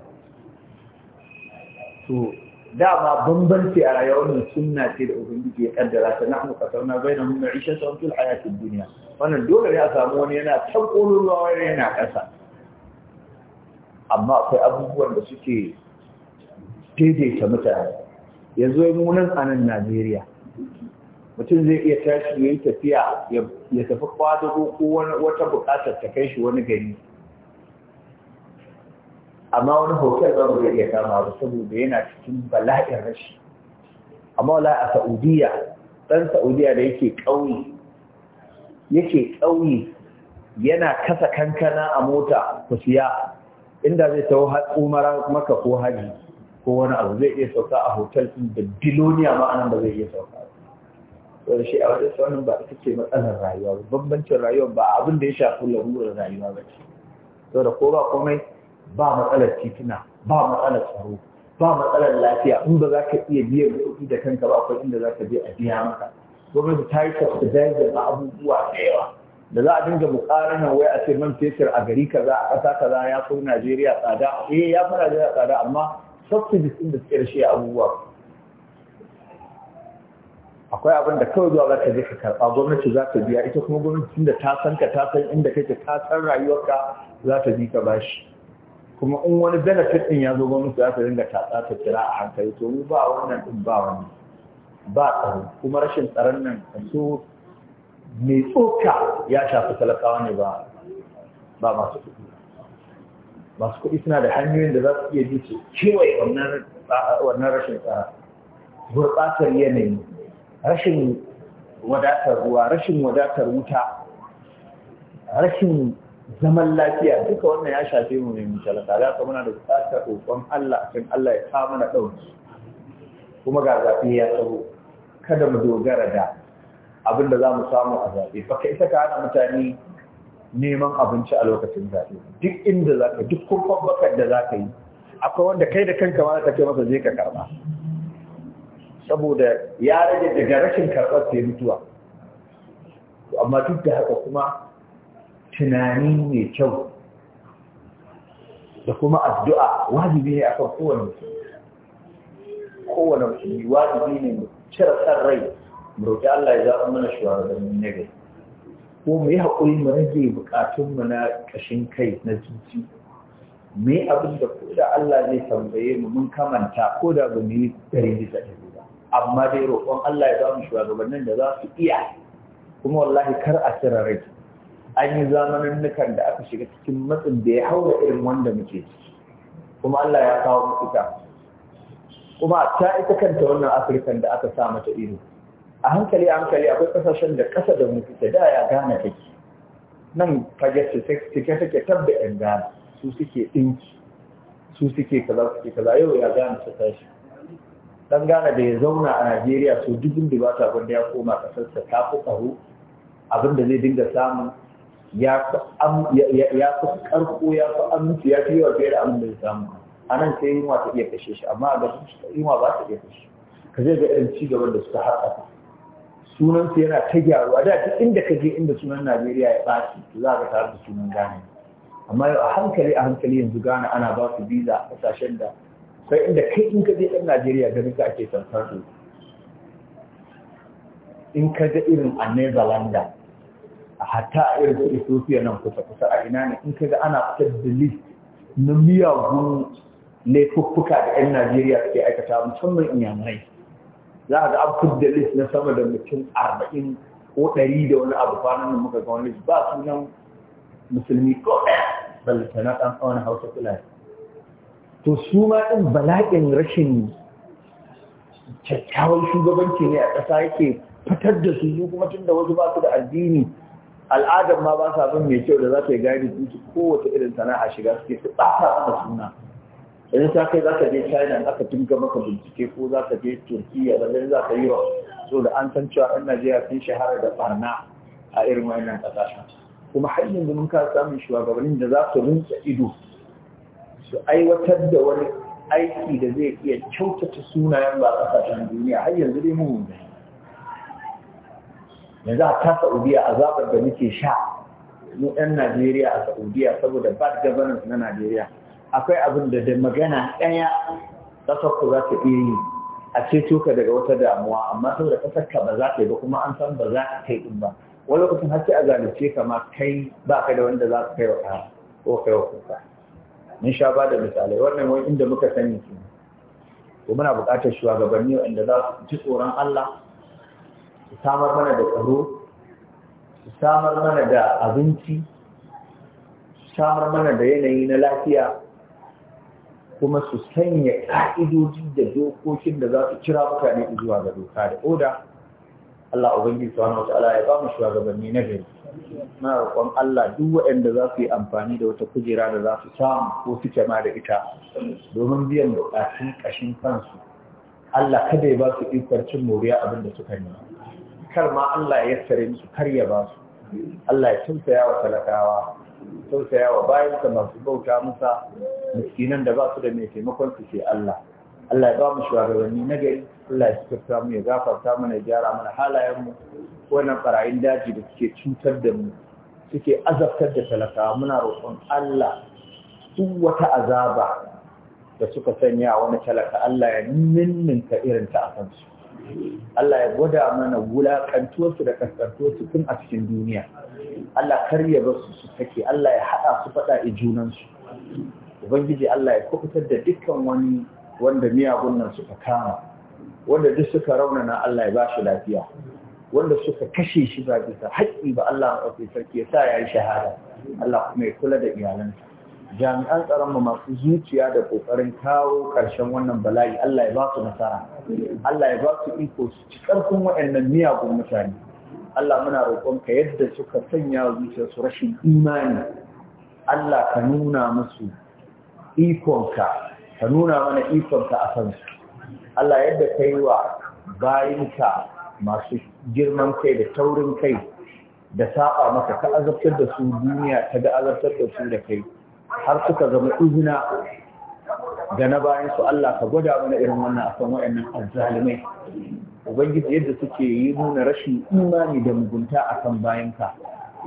to dama bambanci a rayuwar mu sunna ce da ubangiji ya kaddara ta nahnu qatarna bainahum tun a yakin duniya. wannan dole ne a samu wani yana can ruwa wani yana kasa amma akwai abubuwan da suke daidaita mutane yanzu yi munan a nan najeriya mutum zai iya tashi ya yi tafiya ya tafi kwadago ko wata bukatar ta kai shi wani gari amma wani hotel ba zai iya kama ba saboda yana cikin bala'in rashi amma wala a sa'udiyya. Ɗan sa'udiyya da yake ƙauye yake ƙauye yana kasa kankana a mota ku siya inda zai tawo umara maka ko haji ko wani abu zai iya sauka a hotel din da diloniya ma anan ba zai iya sauka to shi a wajen sauran ba ita ce matsalar rayuwa ba bambancin rayuwa ba abin da ya shafi larurar rayuwa ba ce to ko ba komai ba matsalar tituna ba matsalar tsaro ba matsalar lafiya in ba za ka iya biyan kuɗi da kanka ba akwai inda za ka je a biya maka gwamnati ta yi subsidizing na abubuwa da yawa da za a dinga mukarana wai a ce man fetur a gari kaza a ƙasa kaza ya fi Najeriya tsada eh ya fi Najeriya tsada amma subsidies din da suke da abubuwa akwai abin da kawai zuwa za ka je ka karɓa gwamnati za ta biya ita kuma gwamnati da ta san ka ta san inda kake ta san rayuwarka za ta bi ka bashi kuma in wani benefit din ya zo gwamnati za ta ringa tatsa ta kira a hankali to mu ba wannan din ba wani ba tsaro kuma rashin tsaron nan su mai tsoka ya shafi talakawa ne ba ba masu kuɗi masu kuɗi suna da hanyoyin da za su iya bi su kewaye wannan rashin tsara gurɓatar yanayi rashin wadatar ruwa rashin wadatar wuta rashin zaman lafiya duka wannan ya shafe mu ne mutalaka da haka muna da bukatar kokon Allah kin Allah ya kama mana dauki kuma ga zafi ya tsaro kada mu dogara da abin da zamu samu a zafi fa kai ka hana mutane neman abinci a lokacin zafi. duk inda za duk kun bakar da za yi akwai wanda kai da kanka ma zaka ce masa je ka karba. saboda ya rage daga rashin karɓar sai mutuwa amma duk da haka kuma tunani mai kyau da kuma addu'a wajibi ne a kan kowane mutum kowane musulmi wajibi ne mu cire san rai mu roƙi Allah ya zaɓa mana shugabanni na gari ko mu yi haƙuri mu rage buƙatunmu na ƙashin kai na zuci mu yi abin da ko da Allah zai tambaye mu mun kamanta ko da ba mu yi ɗari bisa ɗari ba amma dai roƙon Allah ya zaɓa mu shugabannin da za su iya kuma wallahi kar a cire rai an yi zamaninnukan da aka shiga cikin matsin da ya haura irin wanda muke kuma Allah ya kawo mutuka kuma ta ita kanta wannan afirkan da aka sa mata ido a hankali a hankali akwai kasashen da kasa da mutu da da ya gane take nan fage cike take tabda yan gane su suke dinki su suke kaza suke kaza yau ya gane su tashi dan gane da ya zauna a Najeriya so dubin da ba ta gwanda ya koma kasarsa ta fi tsaro abin da zai dinga samun ya fi karko ya fi aminci ya fi yawa fiye da abin da ya samu a nan sai yunwa ta iya kashe shi amma a yi yunwa ba ta iya kashe ka zai ga irin cigaban da suka haɗa sunan su yana ta gyaruwa da duk inda ka je inda sunan najeriya ya ɓaci za ka tare da sunan ghana amma yau a hankali a hankali yanzu ghana ana ba su visa a ƙasashen da sai inda kai in ka je ɗan najeriya ganin ka ake su in ka ga irin a netherlands hatta a irin su Ethiopia nan kusa kusa a ina ne in kaga ana fitar da list na miyagun laifuffuka da 'yan Najeriya suke aikata musamman inyamurai za a ga an fitar da list na sama da mutum arba'in ko ɗari da wani abu kwanan da muka ga wani ba nan musulmi ko ɗaya balita na ɗan tsawon hausa kula to su ma ɗin bala'in rashin kyakkyawan shugabanci ne a ƙasa yake fitar da su su kuma tun da wasu ba su da addini al'adar ma ba sa bin mai kyau da za ta yi gani su kowace irin sana'a shiga suke su ɓata suna yanzu ta kai za ka je china in aka tunga maka bincike ko za ka je turkiya da za ka yi wa so da an san cewa ɗan najeriya sun shahara da barna a irin wayannan ƙasashen kuma har da mun kasa samun shugabannin da za su rinsa ido su aiwatar da wani aiki da zai iya kyautata sunayen ba ƙasashen duniya har yanzu dai mun gani yanzu a ta saudiya zaɓar da muke sha mu ɗan najeriya a saudiya saboda bad governance na najeriya akwai abin da da magana ɗaya ƙasar ku za ta iya yi a ceto ka daga wata damuwa amma saboda ƙasar ka ba za ta yi ba kuma an san ba za ta kai ɗin ba wani lokacin har sai a zalunce ka ma kai ba ka da wanda za ka kai wa ka ko kai wa kuka mun sha ba da misalai wannan wani inda muka sani ke to muna buƙatar shugabanni waɗanda za su ji tsoron Allah su samar mana da tsaro su samar mana da abinci su samar mana da yanayi na lafiya kuma su sanya ƙa'idoji da dokokin da za su kira mutane zuwa ga doka da oda Allah Ubangiji Subhanahu wa ta'ala ya bamu mu shugabanni na gari na roƙon Allah duk waɗanda za su yi amfani da wata kujera da za su samu ko su kyama da ita domin biyan buƙatun ƙashin kansu Allah kada ya ba su ikon cin moriya abin da suka nema kar ma Allah ya yassare musu karya basu. ba su Allah ya tausaya wa talakawa tausaya wa bayansa masu bauta musa miskinan da ba su da mai taimakon su ce Allah Allah ya ba mu shugabanni na gari Allah ya tsafta mu ya gafarta mana ya gyara mana halayenmu wannan barayin daji da suke cutar da mu suke azabtar da talakawa muna roƙon Allah duk wata azaba da suka sanya wani talaka Allah ya ninninka irin ta a kansu Allah ya gwada mana wulaƙantuwarsu da kaskantuwarsu tun a cikin duniya Allah kar ya bar su su take Allah ya haɗa su faɗa a junansu ubangiji Allah ya kubutar da dukkan wani wanda miyagun nan suka kama wanda duk suka raunana Allah ya ba shi lafiya wanda suka kashe shi ba bisa haƙƙi ba Allah ya sarki ya sa ya yi shahada Allah kuma ya kula da iyalansa jami'an tsaron mu masu zuciya da ƙoƙarin kawo ƙarshen wannan bala'i Allah ya ba su nasara Allah ya ba su iko su ci ƙarfin waɗannan miyagun mutane Allah muna roƙonka yadda suka sanya su rashin imani Allah ka nuna musu ikonka ka nuna mana ikonka a kansu Allah yadda ka yi wa bayinka masu girman kai da taurin kai da saba maka ka azabtar da su duniya ta ga azabtar da su da kai har suka zama izina da na bayan su Allah ka gwada mana irin wannan akan wayannan azzalimai ubangiji yadda suke yi nuna rashin imani da mugunta akan bayanka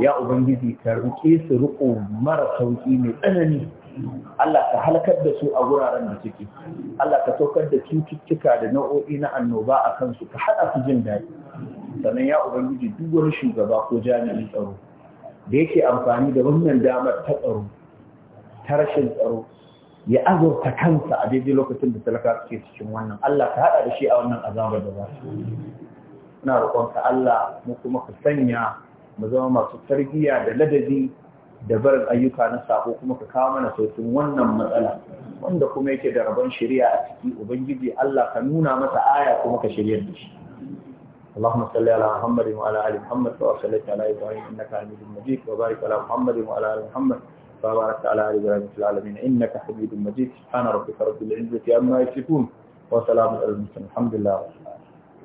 ya ubangiji ka rike su riko mara sauki mai tsanani Allah ka halakar da su a wuraren da suke Allah ka saukar da cututtuka da nau'o'i na annoba a kansu ka hada su jin daɗi sannan ya ubangiji duk wani shugaba ko jami'in tsaro da yake amfani da wannan damar ta tsaro ta rashin tsaro ya azurta kansa a daidai lokacin da talaka suke cikin wannan Allah ka haɗa da shi a wannan azabar da za su muna roƙonka Allah mu kuma ka sanya mu zama masu tarbiyya da ladabi da barin ayyuka na sako kuma ka kawo mana sautin wannan matsala wanda kuma yake da rabon shari'a a ciki ubangiji Allah ka nuna masa aya kuma ka shirya da shi اللهم صل على محمد وعلى ال محمد وصلى على ابراهيم انك حميد مجيد وبارك على محمد وعلى ال محمد وباركت على آل إبراهيم العالمين إنك حميد مجيد سبحان ربك رب العزة عما يصفون وسلام على المسلمين الحمد لله